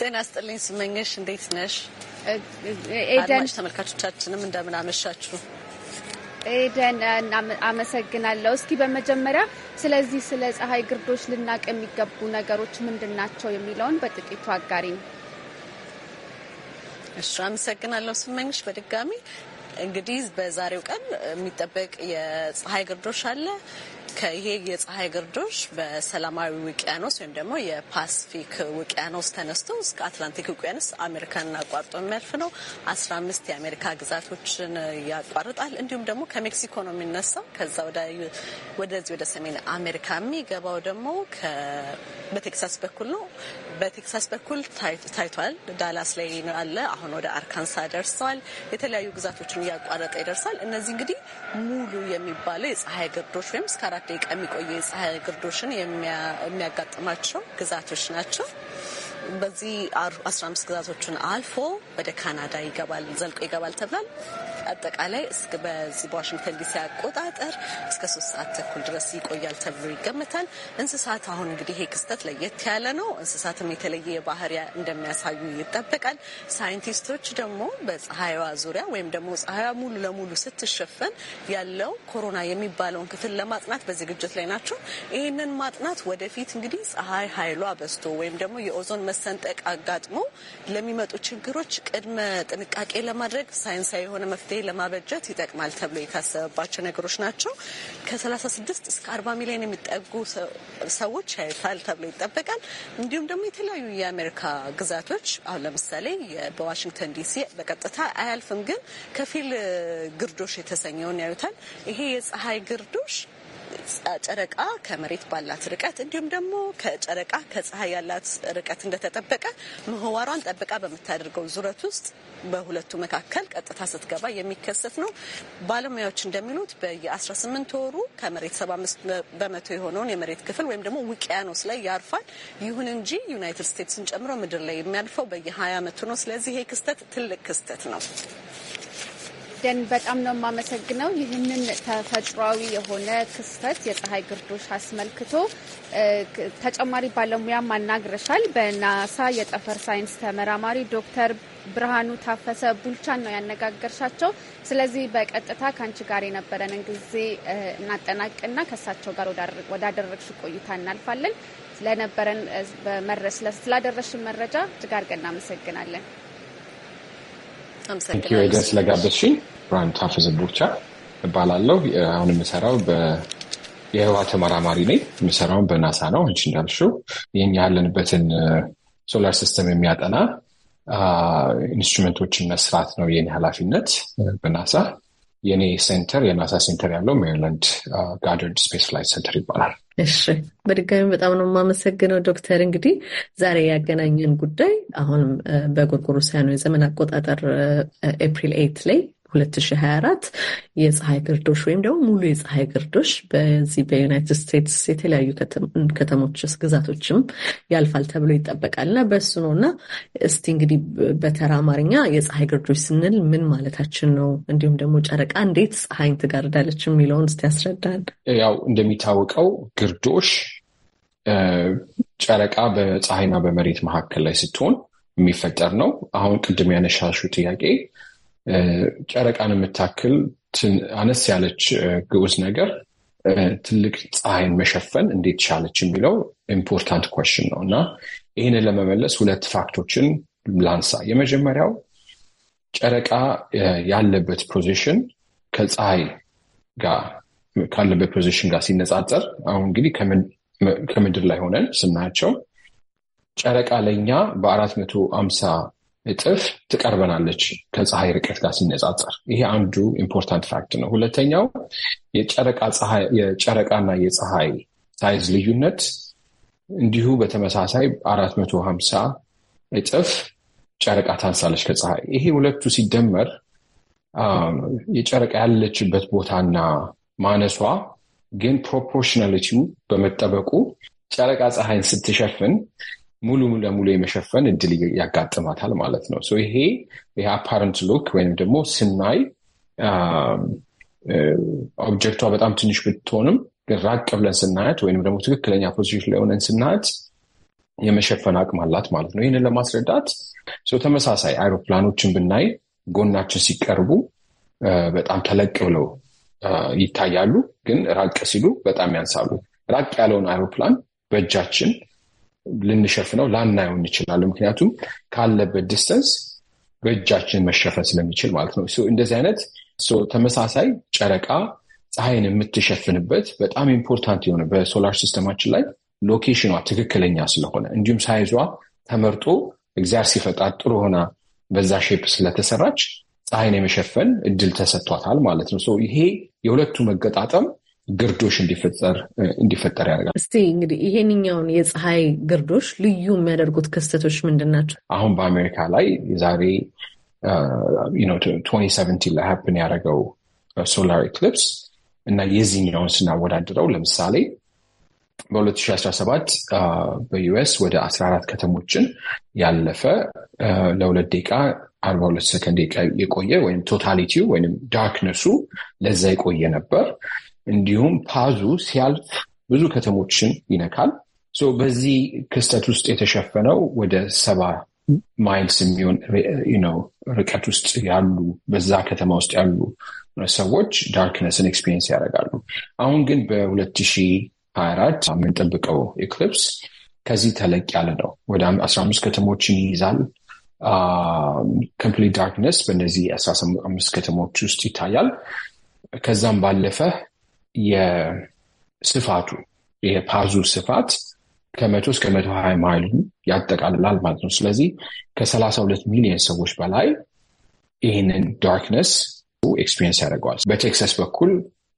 ጤና ስጥልኝ ስመኘሽ፣ እንዴት ነሽ? ኤደን ተመልካቾቻችንም እንደምን አመሻችሁ። ኤደን አመሰግናለሁ። እስኪ በመጀመሪያ ስለዚህ ስለ ፀሐይ ግርዶሽ ልናቅ የሚገቡ ነገሮች ምንድን ናቸው የሚለውን በጥቂቱ ነው። እሺ፣ አመሰግናለሁ ስመኝሽ በድጋሚ እንግዲህ በዛሬው ቀን የሚጠበቅ የፀሐይ ግርዶሽ አለ። ከይሄ የፀሐይ ግርዶሽ በሰላማዊ ውቅያኖስ ወይም ደግሞ የፓስፊክ ውቅያኖስ ተነስቶ እስከ አትላንቲክ ውቅያኖስ አሜሪካንን አቋርጦ የሚያልፍ ነው። አስራ አምስት የአሜሪካ ግዛቶችን ያቋርጣል። እንዲሁም ደግሞ ከሜክሲኮ ነው የሚነሳው። ከዛ ወደዚህ ወደ ሰሜን አሜሪካ የሚገባው ደግሞ በቴክሳስ በኩል ነው። በቴክሳስ በኩል ታይቷል። ዳላስ ላይ አለ። አሁን ወደ አርካንሳ ደርሰዋል። የተለያዩ ግዛቶችን እያቋረጠ ይደርሳል። እነዚህ እንግዲህ ሙሉ የሚባለው የፀሐይ ግርዶሽ ወይም እስከ አራት ደቂቃ የሚቆዩ የፀሐይ ግርዶሽን የሚያጋጥማቸው ግዛቶች ናቸው። በዚህ አስራ አምስት ግዛቶችን አልፎ ወደ ካናዳ ይገባል ዘልቆ ይገባል ተብሏል። አጠቃላይ በዚህ በዋሽንግተን ዲሲ አቆጣጠር እስከ ሶስት ሰዓት ተኩል ድረስ ይቆያል ተብሎ ይገመታል። እንስሳት አሁን እንግዲህ ይሄ ክስተት ለየት ያለ ነው። እንስሳትም የተለየ ባህሪያ እንደሚያሳዩ ይጠበቃል። ሳይንቲስቶች ደግሞ በፀሐይዋ ዙሪያ ወይም ደግሞ ፀሐይዋ ሙሉ ለሙሉ ስትሸፈን ያለው ኮሮና የሚባለውን ክፍል ለማጥናት በዝግጅት ላይ ናቸው። ይህንን ማጥናት ወደፊት እንግዲህ ፀሐይ ኃይሏ በዝቶ ወይም ደግሞ የኦዞን መሰንጠቅ አጋጥሞ ለሚመጡ ችግሮች ቅድመ ጥንቃቄ ለማድረግ ሳይንሳዊ የሆነ መፍትሄ ለማበጀት ይጠቅማል ተብሎ የታሰበባቸው ነገሮች ናቸው። ከ36 እስከ 40 ሚሊዮን የሚጠጉ ሰዎች ያይታል ተብሎ ይጠበቃል። እንዲሁም ደግሞ የተለያዩ የአሜሪካ ግዛቶች አሁን ለምሳሌ በዋሽንግተን ዲሲ በቀጥታ አያልፍም፣ ግን ከፊል ግርዶሽ የተሰኘውን ያዩታል። ይሄ የፀሐይ ግርዶሽ ጨረቃ ከመሬት ባላት ርቀት እንዲሁም ደግሞ ከጨረቃ ከፀሐይ ያላት ርቀት እንደተጠበቀ ምህዋሯን ጠብቃ በምታደርገው ዙረት ውስጥ በሁለቱ መካከል ቀጥታ ስትገባ የሚከሰት ነው። ባለሙያዎች እንደሚሉት በየ18 ወሩ ከመሬት 75 በመቶ የሆነውን የመሬት ክፍል ወይም ደግሞ ውቅያኖስ ላይ ያርፋል። ይሁን እንጂ ዩናይትድ ስቴትስን ጨምሮ ምድር ላይ የሚያልፈው በየ20 ዓመቱ ነው። ስለዚህ ይሄ ክስተት ትልቅ ክስተት ነው። ኤደን በጣም ነው የማመሰግነው። ይህንን ተፈጥሯዊ የሆነ ክስተት የፀሐይ ግርዶሽ አስመልክቶ ተጨማሪ ባለሙያም አናግረሻል። በናሳ የጠፈር ሳይንስ ተመራማሪ ዶክተር ብርሃኑ ታፈሰ ቡልቻን ነው ያነጋገርሻቸው። ስለዚህ በቀጥታ ከአንቺ ጋር የነበረንን ጊዜ እናጠናቅና ከእሳቸው ጋር ወዳደረግሽ ቆይታ እናልፋለን። ስለነበረን ስላደረሽን መረጃ እጅግ አድርገን እናመሰግናለን። አመሰግናለሁ ስለጋበዝሽኝ። ብርሃኑ ታፈዘ ቦቻ እባላለሁ። አሁን የምሰራው የህዋ ተመራማሪ ነኝ። የምሰራውን በናሳ ነው። አንቺ እንዳልሽው ይህን ያለንበትን ሶላር ሲስተም የሚያጠና ኢንስትሩመንቶችን መስራት ነው የኔ ኃላፊነት በናሳ የኔ ሴንተር የናሳ ሴንተር ያለው ሜሪላንድ ጋደርድ ስፔስ ፍላይት ሴንተር ይባላል። እሺ፣ በድጋሚ በጣም ነው የማመሰግነው ዶክተር። እንግዲህ ዛሬ ያገናኘን ጉዳይ አሁን በጎርጎሮሳውያኑ የዘመን አቆጣጠር ኤፕሪል ኤይት ላይ 2024 የፀሐይ ግርዶሽ ወይም ደግሞ ሙሉ የፀሐይ ግርዶሽ በዚህ በዩናይትድ ስቴትስ የተለያዩ ከተሞች ግዛቶችም ያልፋል ተብሎ ይጠበቃል እና በእሱ ነው እና እስቲ እንግዲህ በተራ አማርኛ የፀሐይ ግርዶሽ ስንል ምን ማለታችን ነው? እንዲሁም ደግሞ ጨረቃ እንዴት ፀሐይን ትጋርዳለች የሚለውን እስቲ ያስረዳል። ያው እንደሚታወቀው ግርዶሽ ጨረቃ በፀሐይና በመሬት መካከል ላይ ስትሆን የሚፈጠር ነው። አሁን ቅድም ያነሻሹ ጥያቄ ጨረቃን የምታክል አነስ ያለች ግዑዝ ነገር ትልቅ ፀሐይን መሸፈን እንዴት ቻለች የሚለው ኢምፖርታንት ኮሽን ነው እና ይህንን ለመመለስ ሁለት ፋክቶችን ላንሳ። የመጀመሪያው ጨረቃ ያለበት ፖዚሽን ከፀሐይ ጋር ካለበት ፖዚሽን ጋር ሲነጻጸር አሁን እንግዲህ ከምድር ላይ ሆነን ስናያቸው ጨረቃ ለእኛ በአራት መቶ አምሳ እጥፍ ትቀርበናለች ከፀሐይ ርቀት ጋር ሲነጻጸር። ይሄ አንዱ ኢምፖርታንት ፋክት ነው። ሁለተኛው የጨረቃና የፀሐይ ሳይዝ ልዩነት እንዲሁ በተመሳሳይ ሀምሳ እጥፍ ጨረቃ ታንሳለች ከፀሐይ። ይሄ ሁለቱ ሲደመር የጨረቃ ያለችበት ቦታና ማነሷ ግን ፕሮፖርሽናሊቲው በመጠበቁ ጨረቃ ፀሐይን ስትሸፍን ሙሉ ለሙሉ የመሸፈን እድል ያጋጥማታል ማለት ነው። ይሄ የአፓረንት ሉክ ወይም ደግሞ ስናይ ኦብጀክቷ um, uh, በጣም ትንሽ ብትሆንም ራቅ ብለን ስናያት ወይም ደግሞ ትክክለኛ ፖዚሽን ላይ ሆነን ስናያት የመሸፈን አቅም አላት ማለት ነው። ይህንን ለማስረዳት ተመሳሳይ አይሮፕላኖችን ብናይ ጎናችን ሲቀርቡ uh, በጣም ተለቅ ብለው uh, ይታያሉ፣ ግን ራቅ ሲሉ በጣም ያንሳሉ። ራቅ ያለውን አይሮፕላን በእጃችን ልንሸፍነው ላናየው እንችላለን። ምክንያቱም ካለበት ዲስተንስ በእጃችን መሸፈን ስለሚችል ማለት ነው። እንደዚህ አይነት ተመሳሳይ ጨረቃ ፀሐይን የምትሸፍንበት በጣም ኢምፖርታንት የሆነ በሶላር ሲስተማችን ላይ ሎኬሽኗ ትክክለኛ ስለሆነ እንዲሁም ሳይዟ ተመርጦ እግዚአብሔር ሲፈጣር ጥሩ ሆና በዛ ሼፕ ስለተሰራች ፀሐይን የመሸፈን እድል ተሰጥቷታል ማለት ነው። ይሄ የሁለቱ መገጣጠም ግርዶሽ እንዲፈጠር እንዲፈጠር ያደርጋል። እስቲ እንግዲህ ይሄንኛውን የፀሐይ ግርዶሽ ልዩ የሚያደርጉት ክስተቶች ምንድን ናቸው? አሁን በአሜሪካ ላይ ዛሬ ቱሰቨንቲን ላይ ሀፕን ያደረገው ሶላር ኢክሊፕስ እና የዚህኛውን ስናወዳድረው ለምሳሌ በ2017 በዩኤስ ወደ 14 ከተሞችን ያለፈ ለሁለት ደቂቃ 42 ሰከንድ የቆየ ወይም ቶታሊቲው ወይም ዳርክነሱ ለዛ የቆየ ነበር። እንዲሁም ፓዙ ሲያልፍ ብዙ ከተሞችን ይነካል። በዚህ ክስተት ውስጥ የተሸፈነው ወደ ሰባ ማይልስ የሚሆን ነው ርቀት ውስጥ ያሉ በዛ ከተማ ውስጥ ያሉ ሰዎች ዳርክነስን ኤክስፒሪየንስ ያደርጋሉ። አሁን ግን በ2024 የምንጠብቀው ኤክሊፕስ ከዚህ ተለቅ ያለ ነው። ወደ 15 ከተሞችን ይይዛል። ኮምፕሊት ዳርክነስ በእነዚህ 15 ከተሞች ውስጥ ይታያል። ከዛም ባለፈ የስፋቱ የፓርዙ ስፋት ከመቶ እስከ መቶ ሀያ ማይሉ ያጠቃልላል ማለት ነው። ስለዚህ ከሰላሳ ሁለት ሚሊዮን ሰዎች በላይ ይህንን ዳርክነስ ኤክስፒሪንስ ያደርገዋል። በቴክሳስ በኩል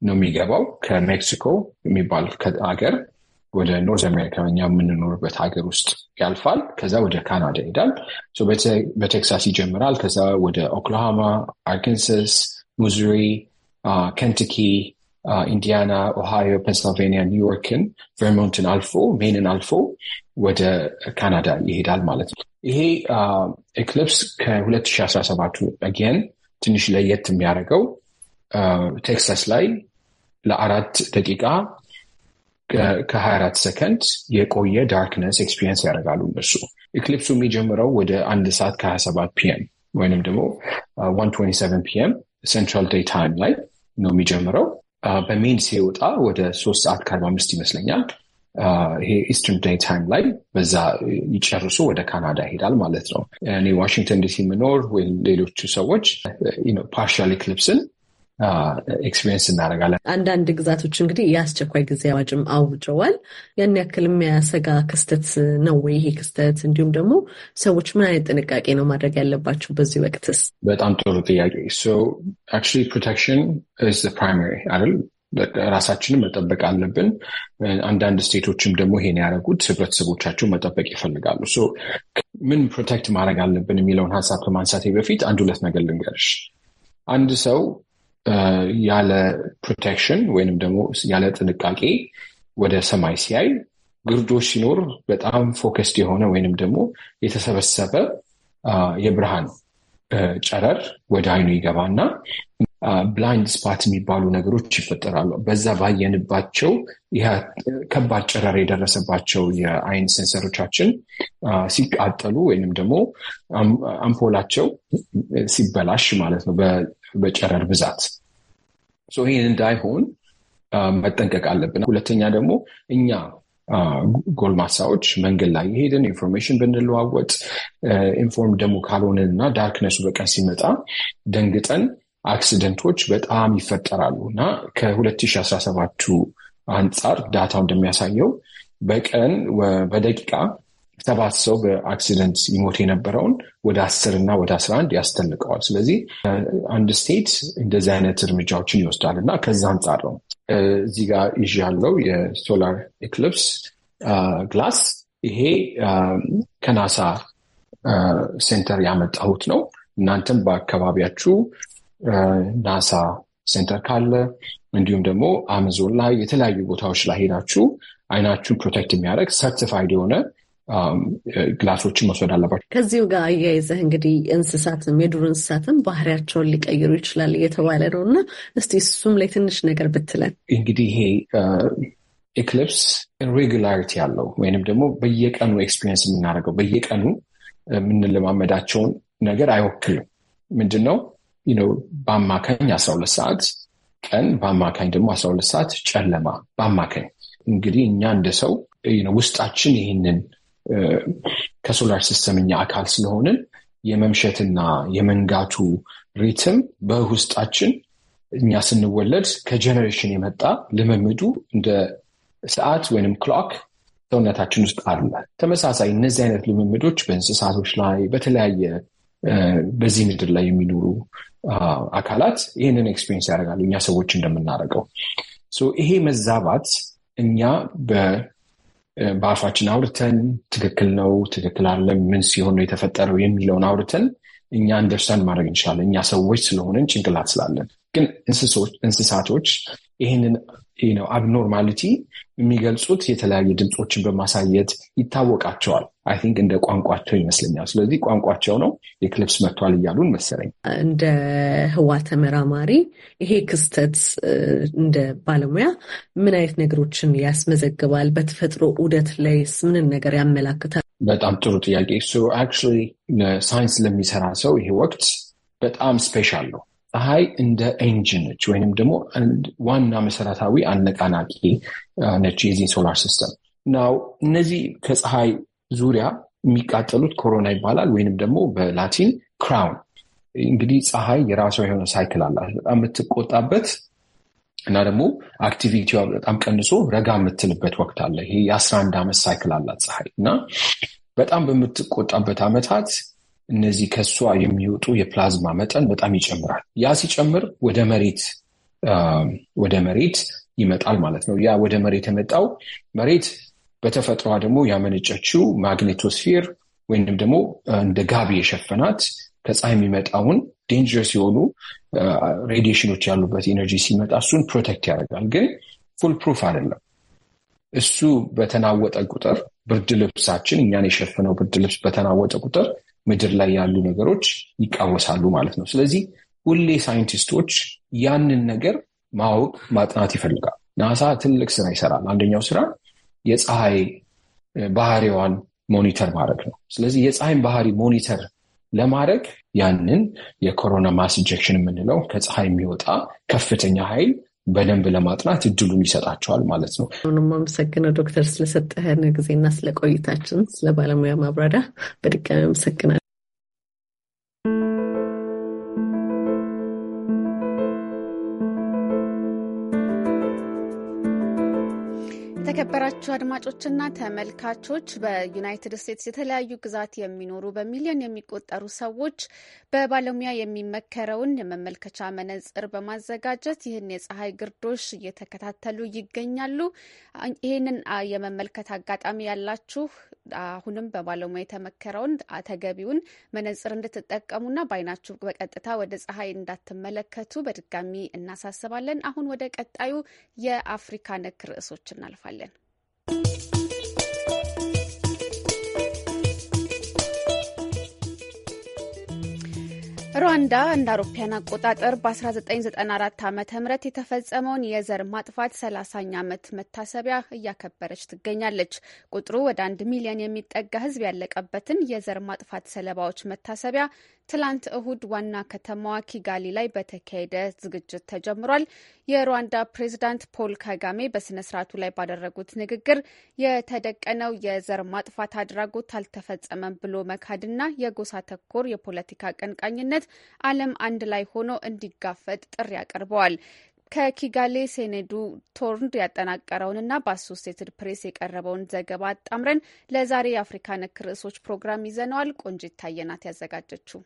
ነው የሚገባው ከሜክሲኮ የሚባል ሀገር ወደ ኖርዝ አሜሪካ እኛ የምንኖርበት ሀገር ውስጥ ያልፋል። ከዛ ወደ ካናዳ ይሄዳል። በቴክሳስ ይጀምራል። ከዛ ወደ ኦክላሃማ፣ አርካንሳስ፣ ሙዙሪ፣ ከንትኪ uh, ኢንዲያና፣ ኦሃዮ፣ ፔንስልቬኒያ፣ ኒውዮርክን፣ ቨርሞንትን አልፎ ሜንን አልፎ ወደ ካናዳ ይሄዳል ማለት ነው። ይሄ ኤክሊፕስ ከ2017 አገን ትንሽ ለየት የሚያደርገው ቴክሳስ uh, ላይ ለአራት ደቂቃ ከ24 ሰከንድ የቆየ ዳርክነስ ኤክስፒሪየንስ ያደርጋሉ እነሱ። ኤክሊፕሱ የሚጀምረው ወደ አንድ ሰዓት ከ27 ፒኤም ወይንም ደግሞ 127 uh, ፒኤም ሴንትራል ዴይ ታይም ላይ ነው የሚጀምረው በሜን ሲወጣ ወደ ሶስት ሰዓት ከአርባ አምስት ይመስለኛል። ይሄ ኢስትርን ዴይ ታይም ላይ በዛ ይጨርሱ ወደ ካናዳ ይሄዳል ማለት ነው። እኔ ዋሽንግተን ዲሲ የምኖር ወይም ሌሎቹ ሰዎች ፓርሻል ኢክሊፕስን ኤክስፒሪየንስ እናደርጋለን። አንዳንድ ግዛቶች እንግዲህ የአስቸኳይ ጊዜ አዋጅም አውጀዋል። ያን ያክል የሚያሰጋ ክስተት ነው ወይ ይሄ ክስተት? እንዲሁም ደግሞ ሰዎች ምን አይነት ጥንቃቄ ነው ማድረግ ያለባቸው በዚህ ወቅትስ? በጣም ጥሩ ጥያቄ። አክቹዋሊ ፕሮቴክሽን ኢዝ ፕራይመሪ አይደል? ራሳችንን መጠበቅ አለብን። አንዳንድ ስቴቶችም ደግሞ ይሄን ያደረጉት ህብረተሰቦቻቸው መጠበቅ ይፈልጋሉ። ምን ፕሮቴክት ማድረግ አለብን የሚለውን ሀሳብ ከማንሳቴ በፊት አንድ ሁለት ነገር ልንገርሽ። አንድ ሰው ያለ ፕሮቴክሽን ወይንም ደግሞ ያለ ጥንቃቄ ወደ ሰማይ ሲያይ ግርዶች ሲኖር በጣም ፎከስድ የሆነ ወይንም ደግሞ የተሰበሰበ የብርሃን ጨረር ወደ አይኑ ይገባና ብላይንድ ስፓት የሚባሉ ነገሮች ይፈጠራሉ። በዛ ባየንባቸው ከባድ ጨረር የደረሰባቸው የአይን ሴንሰሮቻችን ሲቃጠሉ ወይንም ደግሞ አምፖላቸው ሲበላሽ ማለት ነው በጨረር ብዛት ይህን እንዳይሆን መጠንቀቅ አለብን። ሁለተኛ ደግሞ እኛ ጎልማሳዎች መንገድ ላይ የሄድን ኢንፎርሜሽን ብንለዋወጥ ኢንፎርም ደግሞ ካልሆንን እና ዳርክነሱ በቀን ሲመጣ ደንግጠን አክሲደንቶች በጣም ይፈጠራሉ እና ከ 2017 አንጻር ዳታው እንደሚያሳየው በቀን በደቂቃ ሰባት ሰው በአክሲደንት ይሞት የነበረውን ወደ አስር እና ወደ አስራ አንድ ያስተልቀዋል። ስለዚህ አንድ ስቴት እንደዚህ አይነት እርምጃዎችን ይወስዳል እና ከዛ አንጻር ነው እዚህ ጋር ይዤ ያለው የሶላር ኤክሊፕስ ግላስ ይሄ ከናሳ ሴንተር ያመጣሁት ነው። እናንተም በአካባቢያችሁ ናሳ ሴንተር ካለ እንዲሁም ደግሞ አማዞን ላይ የተለያዩ ቦታዎች ላይ ሄዳችሁ አይናችሁን ፕሮቴክት የሚያደርግ ሰርቲፋይድ የሆነ ግላሶችን መስወድ አለባቸው። ከዚሁ ጋር አያይዘህ እንግዲህ እንስሳትም የዱር እንስሳትም ባህሪያቸውን ሊቀይሩ ይችላል እየተባለ ነው እና እስቲ እሱም ላይ ትንሽ ነገር ብትለን። እንግዲህ ይሄ ኤክሊፕስ ኢሬጉላሪቲ ያለው ወይንም ደግሞ በየቀኑ ኤክስፒሪየንስ የምናደርገው በየቀኑ የምንለማመዳቸውን ነገር አይወክልም። ምንድን ነው በአማካኝ አስራ ሁለት ሰዓት ቀን በአማካኝ ደግሞ አስራ ሁለት ሰዓት ጨለማ በአማካኝ እንግዲህ እኛ እንደ ሰው ውስጣችን ይህንን ከሶላር ሲስተም እኛ አካል ስለሆንን የመምሸትና የመንጋቱ ሪትም በውስጣችን እኛ ስንወለድ ከጀኔሬሽን የመጣ ልምምዱ እንደ ሰዓት ወይም ክሎክ ሰውነታችን ውስጥ አለ። ተመሳሳይ እነዚህ አይነት ልምምዶች በእንስሳቶች ላይ በተለያየ በዚህ ምድር ላይ የሚኖሩ አካላት ይህንን ኤክስፔሪንስ ያደርጋሉ እኛ ሰዎች እንደምናደርገው። ይሄ መዛባት እኛ በአፋችን አውርተን ትክክል ነው ትክክል አለ ምን ሲሆን ነው የተፈጠረው የሚለውን አውርተን እኛ አንደርስታንድ ማድረግ እንችላለን። እኛ ሰዎች ስለሆነን ጭንቅላት ስላለን። ግን እንስሳቶች ይህንን ነው አብኖርማሊቲ የሚገልጹት የተለያዩ ድምፆችን በማሳየት ይታወቃቸዋል። አይ ቲንክ እንደ ቋንቋቸው ይመስለኛል። ስለዚህ ቋንቋቸው ነው ኤክሊፕስ መጥቷል እያሉን መሰለኝ። እንደ ህዋ ተመራማሪ ይሄ ክስተት እንደ ባለሙያ ምን አይነት ነገሮችን ያስመዘግባል? በተፈጥሮ ውደት ላይ ምንን ነገር ያመላክታል? በጣም ጥሩ ጥያቄ። አክቹዋሊ ሳይንስ uh, ለሚሰራ ሰው ይሄ ወቅት በጣም ስፔሻል ነው። ፀሐይ እንደ ኤንጂን ነች ወይንም ደግሞ ዋና መሰረታዊ አነቃናቂ ነች የዚህ ሶላር ሲስተም ናው። እነዚህ ከፀሐይ ዙሪያ የሚቃጠሉት ኮሮና ይባላል ወይንም ደግሞ በላቲን ክራውን። እንግዲህ ፀሐይ የራሷ የሆነ ሳይክል አላት። በጣም የምትቆጣበት እና ደግሞ አክቲቪቲዋ በጣም ቀንሶ ረጋ የምትልበት ወቅት አለ። ይሄ የ11 ዓመት ሳይክል አላት ፀሐይ እና በጣም በምትቆጣበት ዓመታት እነዚህ ከእሷ የሚወጡ የፕላዝማ መጠን በጣም ይጨምራል። ያ ሲጨምር ወደ መሬት ወደ መሬት ይመጣል ማለት ነው። ያ ወደ መሬት የመጣው መሬት በተፈጥሯ ደግሞ ያመነጨችው ማግኔቶስፌር ወይንም ደግሞ እንደ ጋቢ የሸፈናት ከፀሐይ የሚመጣውን ዴንጀርስ የሆኑ ሬዲሽኖች ያሉበት ኤነርጂ ሲመጣ እሱን ፕሮቴክት ያደርጋል። ግን ፉል ፕሩፍ አይደለም። እሱ በተናወጠ ቁጥር ብርድ ልብሳችን እኛን የሸፈነው ብርድ ልብስ በተናወጠ ቁጥር ምድር ላይ ያሉ ነገሮች ይቃወሳሉ ማለት ነው። ስለዚህ ሁሌ ሳይንቲስቶች ያንን ነገር ማወቅ ማጥናት ይፈልጋል። ናሳ ትልቅ ስራ ይሰራል። አንደኛው ስራ የፀሐይ ባህሪዋን ሞኒተር ማድረግ ነው። ስለዚህ የፀሐይን ባህሪ ሞኒተር ለማድረግ ያንን የኮሮና ማስ ኢንጀክሽን የምንለው ከፀሐይ የሚወጣ ከፍተኛ ኃይል በደንብ ለማጥናት እድሉን ይሰጣቸዋል ማለት ነው። አሁንም አመሰግነው ዶክተር ስለሰጠህን ጊዜና ስለቆይታችን ስለ ባለሙያ ማብራሪያ በድጋሚ አመሰግናል። የተከበራችሁ አድማጮችና ተመልካቾች በዩናይትድ ስቴትስ የተለያዩ ግዛት የሚኖሩ በሚሊዮን የሚቆጠሩ ሰዎች በባለሙያ የሚመከረውን የመመልከቻ መነጽር በማዘጋጀት ይህን የፀሐይ ግርዶሽ እየተከታተሉ ይገኛሉ። ይህንን የመመልከት አጋጣሚ ያላችሁ አሁንም በባለሙያ የተመከረውን ተገቢውን መነጽር እንድትጠቀሙና በአይናችሁ በቀጥታ ወደ ፀሐይ እንዳትመለከቱ በድጋሚ እናሳስባለን። አሁን ወደ ቀጣዩ የአፍሪካ ነክ ርዕሶች እናልፋለን። ሩዋንዳ እንደ አውሮፓውያን አቆጣጠር በ1994 ዓ ም የተፈጸመውን የዘር ማጥፋት 30ኛ ዓመት መታሰቢያ እያከበረች ትገኛለች። ቁጥሩ ወደ አንድ ሚሊዮን የሚጠጋ ሕዝብ ያለቀበትን የዘር ማጥፋት ሰለባዎች መታሰቢያ ትላንት እሁድ ዋና ከተማዋ ኪጋሊ ላይ በተካሄደ ዝግጅት ተጀምሯል። የሩዋንዳ ፕሬዚዳንት ፖል ካጋሜ በስነ ስርዓቱ ላይ ባደረጉት ንግግር የተደቀነው የዘር ማጥፋት አድራጎት አልተፈጸመም ብሎ መካድና የጎሳ ተኮር የፖለቲካ ቀንቃኝነት ዓለም አንድ ላይ ሆኖ እንዲጋፈጥ ጥሪ አቅርበዋል። ከኪጋሌ ሴኔዱ ቶርንድ ያጠናቀረውንና በአሶሴትድ ፕሬስ የቀረበውን ዘገባ አጣምረን ለዛሬ የአፍሪካ ነክ ርዕሶች ፕሮግራም ይዘነዋል። ቆንጂት ታየናት ያዘጋጀችው።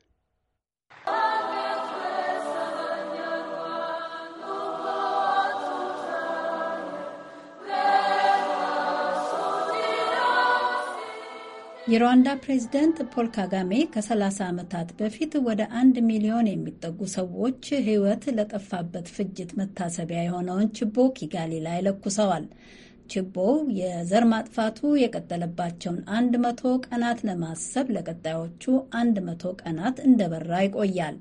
የሩዋንዳ ፕሬዝደንት ፖል ካጋሜ ከ30 ዓመታት በፊት ወደ አንድ ሚሊዮን የሚጠጉ ሰዎች ሕይወት ለጠፋበት ፍጅት መታሰቢያ የሆነውን ችቦ ኪጋሊ ላይ ለኩሰዋል። ችቦው የዘር ማጥፋቱ የቀጠለባቸውን አንድ መቶ ቀናት ለማሰብ ለቀጣዮቹ አንድ መቶ ቀናት እንደበራ ይቆያል።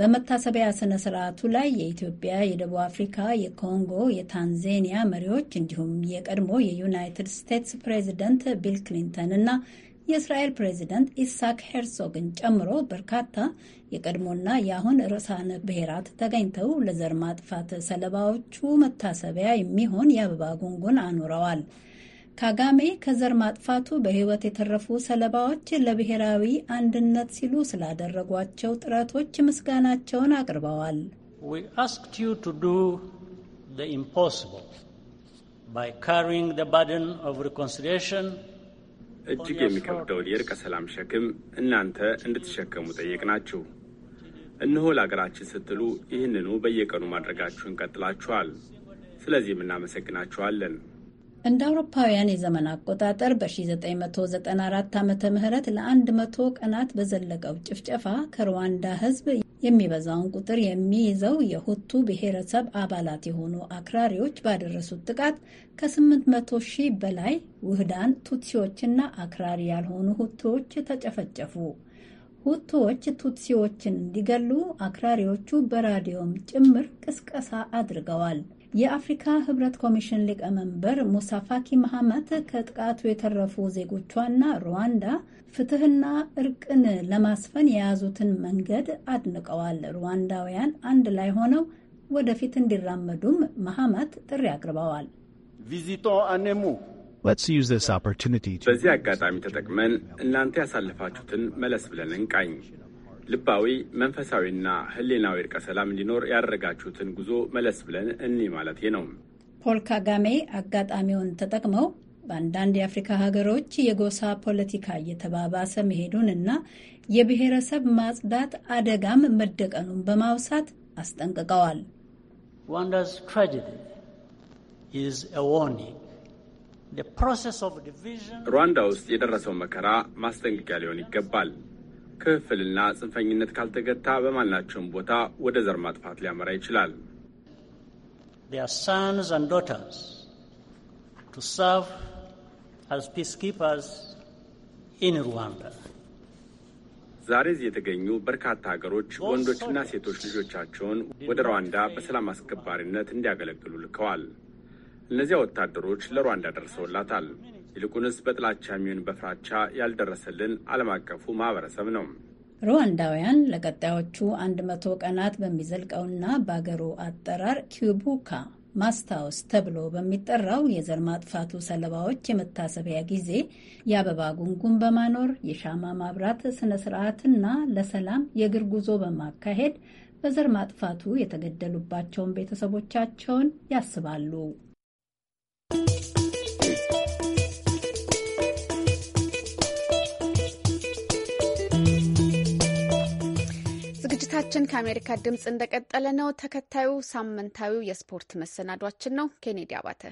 በመታሰቢያ ስነ ስርዓቱ ላይ የኢትዮጵያ፣ የደቡብ አፍሪካ፣ የኮንጎ፣ የታንዜኒያ መሪዎች እንዲሁም የቀድሞ የዩናይትድ ስቴትስ ፕሬዚደንት ቢል ክሊንተን እና የእስራኤል ፕሬዚደንት ኢሳክ ሄርሶግን ጨምሮ በርካታ የቀድሞና የአሁን ርዕሳነ ብሔራት ተገኝተው ለዘር ማጥፋት ሰለባዎቹ መታሰቢያ የሚሆን የአበባ ጉንጉን አኑረዋል። ካጋሜ ከዘር ማጥፋቱ በሕይወት የተረፉ ሰለባዎች ለብሔራዊ አንድነት ሲሉ ስላደረጓቸው ጥረቶች ምስጋናቸውን አቅርበዋል። ባይ ስ እጅግ የሚከብደውን የእርቀ ሰላም ሸክም እናንተ እንድትሸከሙ ጠየቅናችሁ። እነሆ ለሀገራችን ስትሉ ይህንኑ በየቀኑ ማድረጋችሁን ቀጥላችኋል። ስለዚህም እናመሰግናችኋለን። እንደ አውሮፓውያን የዘመን አቆጣጠር በ1994 ዓ ም ለ100 ቀናት በዘለቀው ጭፍጨፋ ከሩዋንዳ ህዝብ የሚበዛውን ቁጥር የሚይዘው የሁቱ ብሔረሰብ አባላት የሆኑ አክራሪዎች ባደረሱት ጥቃት ከ800 ሺህ በላይ ውህዳን ቱትሲዎችና አክራሪ ያልሆኑ ሁቱዎች ተጨፈጨፉ። ሁቱዎች ቱትሲዎችን እንዲገሉ አክራሪዎቹ በራዲዮም ጭምር ቅስቀሳ አድርገዋል። የአፍሪካ ህብረት ኮሚሽን ሊቀመንበር ሙሳፋኪ መሐመት ከጥቃቱ የተረፉ ዜጎቿና ሩዋንዳ ፍትህና እርቅን ለማስፈን የያዙትን መንገድ አድንቀዋል። ሩዋንዳውያን አንድ ላይ ሆነው ወደፊት እንዲራመዱም መሐመት ጥሪ አቅርበዋል። በዚህ አጋጣሚ ተጠቅመን እናንተ ያሳለፋችሁትን መለስ ብለን እንቃኝ። ልባዊ መንፈሳዊና ህሌናዊ እርቀ ሰላም እንዲኖር ያደረጋችሁትን ጉዞ መለስ ብለን እኒ ማለቴ ነው። ፖል ካጋሜ አጋጣሚውን ተጠቅመው በአንዳንድ የአፍሪካ ሀገሮች የጎሳ ፖለቲካ እየተባባሰ መሄዱን እና የብሔረሰብ ማጽዳት አደጋም መደቀኑን በማውሳት አስጠንቅቀዋል። ሩዋንዳ ውስጥ የደረሰው መከራ ማስጠንቀቂያ ሊሆን ይገባል። ክፍፍልና ጽንፈኝነት ካልተገታ በማናቸውም ቦታ ወደ ዘር ማጥፋት ሊያመራ ይችላል። ዛሬ እዚህ የተገኙ በርካታ ሀገሮች ወንዶችና ሴቶች ልጆቻቸውን ወደ ሩዋንዳ በሰላም አስከባሪነት እንዲያገለግሉ ልከዋል። እነዚያ ወታደሮች ለሩዋንዳ ደርሰውላታል። ይልቁንስ በጥላቻ የሚሆን በፍራቻ ያልደረሰልን ዓለም አቀፉ ማህበረሰብ ነው። ሩዋንዳውያን ለቀጣዮቹ 100 ቀናት በሚዘልቀውና በአገሩ አጠራር ኪቡካ ማስታወስ ተብሎ በሚጠራው የዘር ማጥፋቱ ሰለባዎች የመታሰቢያ ጊዜ የአበባ ጉንጉን በማኖር የሻማ ማብራት ስነ ስርዓትና ለሰላም የእግር ጉዞ በማካሄድ በዘር ማጥፋቱ የተገደሉባቸውን ቤተሰቦቻቸውን ያስባሉ። ዝግጅታችን ከአሜሪካ ድምፅ እንደቀጠለ ነው። ተከታዩ ሳምንታዊ የስፖርት መሰናዷችን ነው። ኬኔዲ አባተ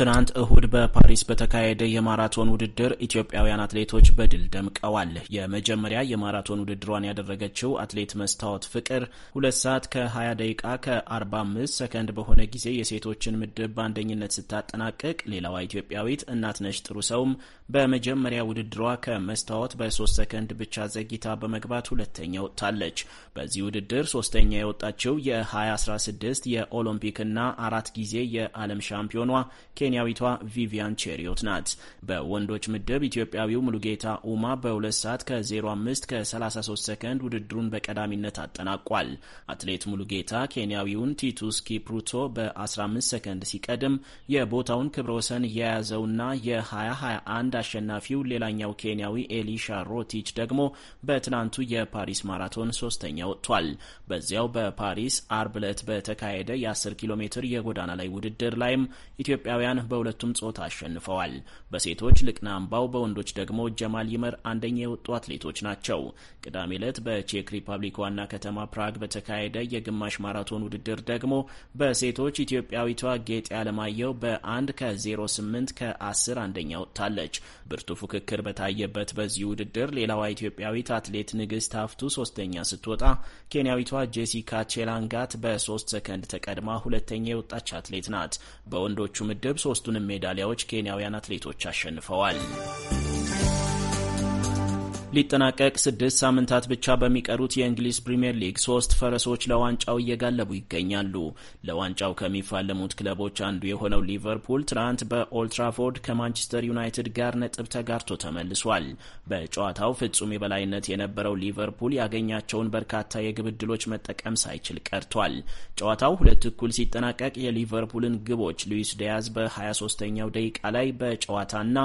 ትናንት እሁድ በፓሪስ በተካሄደ የማራቶን ውድድር ኢትዮጵያውያን አትሌቶች በድል ደምቀዋል። የመጀመሪያ የማራቶን ውድድሯን ያደረገችው አትሌት መስታወት ፍቅር ሁለት ሰዓት ከ20 ደቂቃ ከ45 ሰከንድ በሆነ ጊዜ የሴቶችን ምድብ በአንደኝነት ስታጠናቅቅ፣ ሌላዋ ኢትዮጵያዊት እናትነሽ ጥሩ ሰውም በመጀመሪያ ውድድሯ ከመስታወት በ3 ሰከንድ ብቻ ዘግይታ በመግባት ሁለተኛ ወጥታለች። በዚህ ውድድር ሶስተኛ የወጣችው የ2016 የኦሎምፒክና አራት ጊዜ የዓለም ሻምፒዮኗ ኬንያዊቷ ቪቪያን ቼሪዮት ናት። በወንዶች ምድብ ኢትዮጵያዊው ሙሉጌታ ኡማ በ2 ሰዓት ከ05 ከ33 ሰከንድ ውድድሩን በቀዳሚነት አጠናቋል። አትሌት ሙሉጌታ ኬንያዊውን ቲቱስ ኪፕሩቶ በ15 ሰከንድ ሲቀድም የቦታውን ክብረ ወሰን የያዘውና የ2021 አሸናፊው ሌላኛው ኬንያዊ ኤሊሻ ሮቲች ደግሞ በትናንቱ የፓሪስ ማራቶን ሶስተኛ ወጥቷል። በዚያው በፓሪስ አርብ ዕለት በተካሄደ የ10 ኪሎ ሜትር የጎዳና ላይ ውድድር ላይም ኢትዮጵያውያን በሁለቱም ጾታ አሸንፈዋል። በሴቶች ልቅና አምባው፣ በወንዶች ደግሞ ጀማል ይመር አንደኛ የወጡ አትሌቶች ናቸው። ቅዳሜ ዕለት በቼክ ሪፐብሊክ ዋና ከተማ ፕራግ በተካሄደ የግማሽ ማራቶን ውድድር ደግሞ በሴቶች ኢትዮጵያዊቷ ጌጤ አለማየሁ በአንድ ከ08 ከ10 አንደኛ ወጥታለች። ብርቱ ፉክክር በታየበት በዚህ ውድድር ሌላዋ ኢትዮጵያዊት አትሌት ንግስት ሀፍቱ ሶስተኛ ስትወጣ ኬንያዊቷ ጄሲካ ቼላንጋት በሶስት ሰከንድ ተቀድማ ሁለተኛ የወጣች አትሌት ናት። በወንዶቹ ምድብ ሶስቱንም ሜዳሊያዎች ኬንያውያን አትሌቶች አሸንፈዋል። ሊጠናቀቅ ስድስት ሳምንታት ብቻ በሚቀሩት የእንግሊዝ ፕሪምየር ሊግ ሶስት ፈረሶች ለዋንጫው እየጋለቡ ይገኛሉ። ለዋንጫው ከሚፋለሙት ክለቦች አንዱ የሆነው ሊቨርፑል ትናንት በኦልትራፎርድ ከማንቸስተር ዩናይትድ ጋር ነጥብ ተጋርቶ ተመልሷል። በጨዋታው ፍጹም የበላይነት የነበረው ሊቨርፑል ያገኛቸውን በርካታ የግብ ዕድሎች መጠቀም ሳይችል ቀርቷል። ጨዋታው ሁለት እኩል ሲጠናቀቅ የሊቨርፑልን ግቦች ሉዊስ ዲያዝ በ23ኛው ደቂቃ ላይ በጨዋታና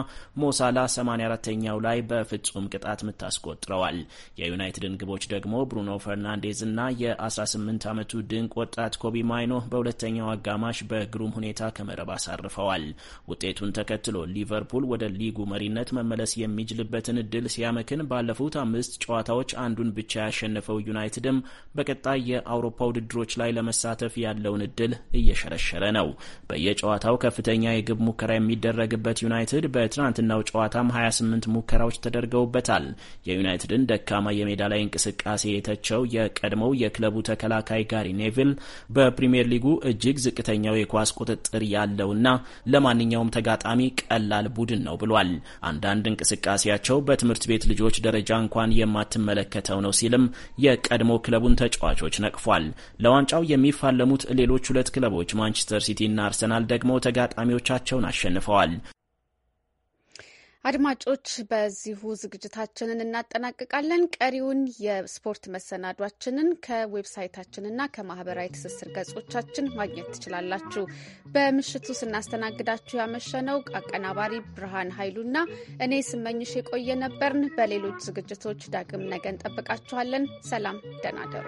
ሞሳላ 84ኛው ላይ በፍጹም ቅጣት ዓመት አስቆጥረዋል። የዩናይትድን ግቦች ደግሞ ብሩኖ ፈርናንዴዝ እና የ18 ዓመቱ ድንቅ ወጣት ኮቢ ማይኖ በሁለተኛው አጋማሽ በግሩም ሁኔታ ከመረብ አሳርፈዋል። ውጤቱን ተከትሎ ሊቨርፑል ወደ ሊጉ መሪነት መመለስ የሚችልበትን እድል ሲያመክን ባለፉት አምስት ጨዋታዎች አንዱን ብቻ ያሸነፈው ዩናይትድም በቀጣይ የአውሮፓ ውድድሮች ላይ ለመሳተፍ ያለውን እድል እየሸረሸረ ነው። በየጨዋታው ከፍተኛ የግብ ሙከራ የሚደረግበት ዩናይትድ በትናንትናው ጨዋታም 28 ሙከራዎች ተደርገውበታል። የዩናይትድን ደካማ የሜዳ ላይ እንቅስቃሴ የተቸው የቀድሞው የክለቡ ተከላካይ ጋሪ ኔቪል በፕሪምየር ሊጉ እጅግ ዝቅተኛው የኳስ ቁጥጥር ያለውና ለማንኛውም ተጋጣሚ ቀላል ቡድን ነው ብሏል። አንዳንድ እንቅስቃሴያቸው በትምህርት ቤት ልጆች ደረጃ እንኳን የማትመለከተው ነው ሲልም የቀድሞ ክለቡን ተጫዋቾች ነቅፏል። ለዋንጫው የሚፋለሙት ሌሎች ሁለት ክለቦች ማንቸስተር ሲቲ እና አርሰናል ደግሞ ተጋጣሚዎቻቸውን አሸንፈዋል። አድማጮች በዚሁ ዝግጅታችንን እናጠናቅቃለን። ቀሪውን የስፖርት መሰናዷችንን ከዌብሳይታችንና ከማህበራዊ ትስስር ገጾቻችን ማግኘት ትችላላችሁ። በምሽቱ ስናስተናግዳችሁ ያመሸነው አቀናባሪ ብርሃን ኃይሉና እኔ ስመኝሽ የቆየ ነበርን። በሌሎች ዝግጅቶች ዳግም ነገ እንጠብቃችኋለን። ሰላም፣ ደህና ደሩ።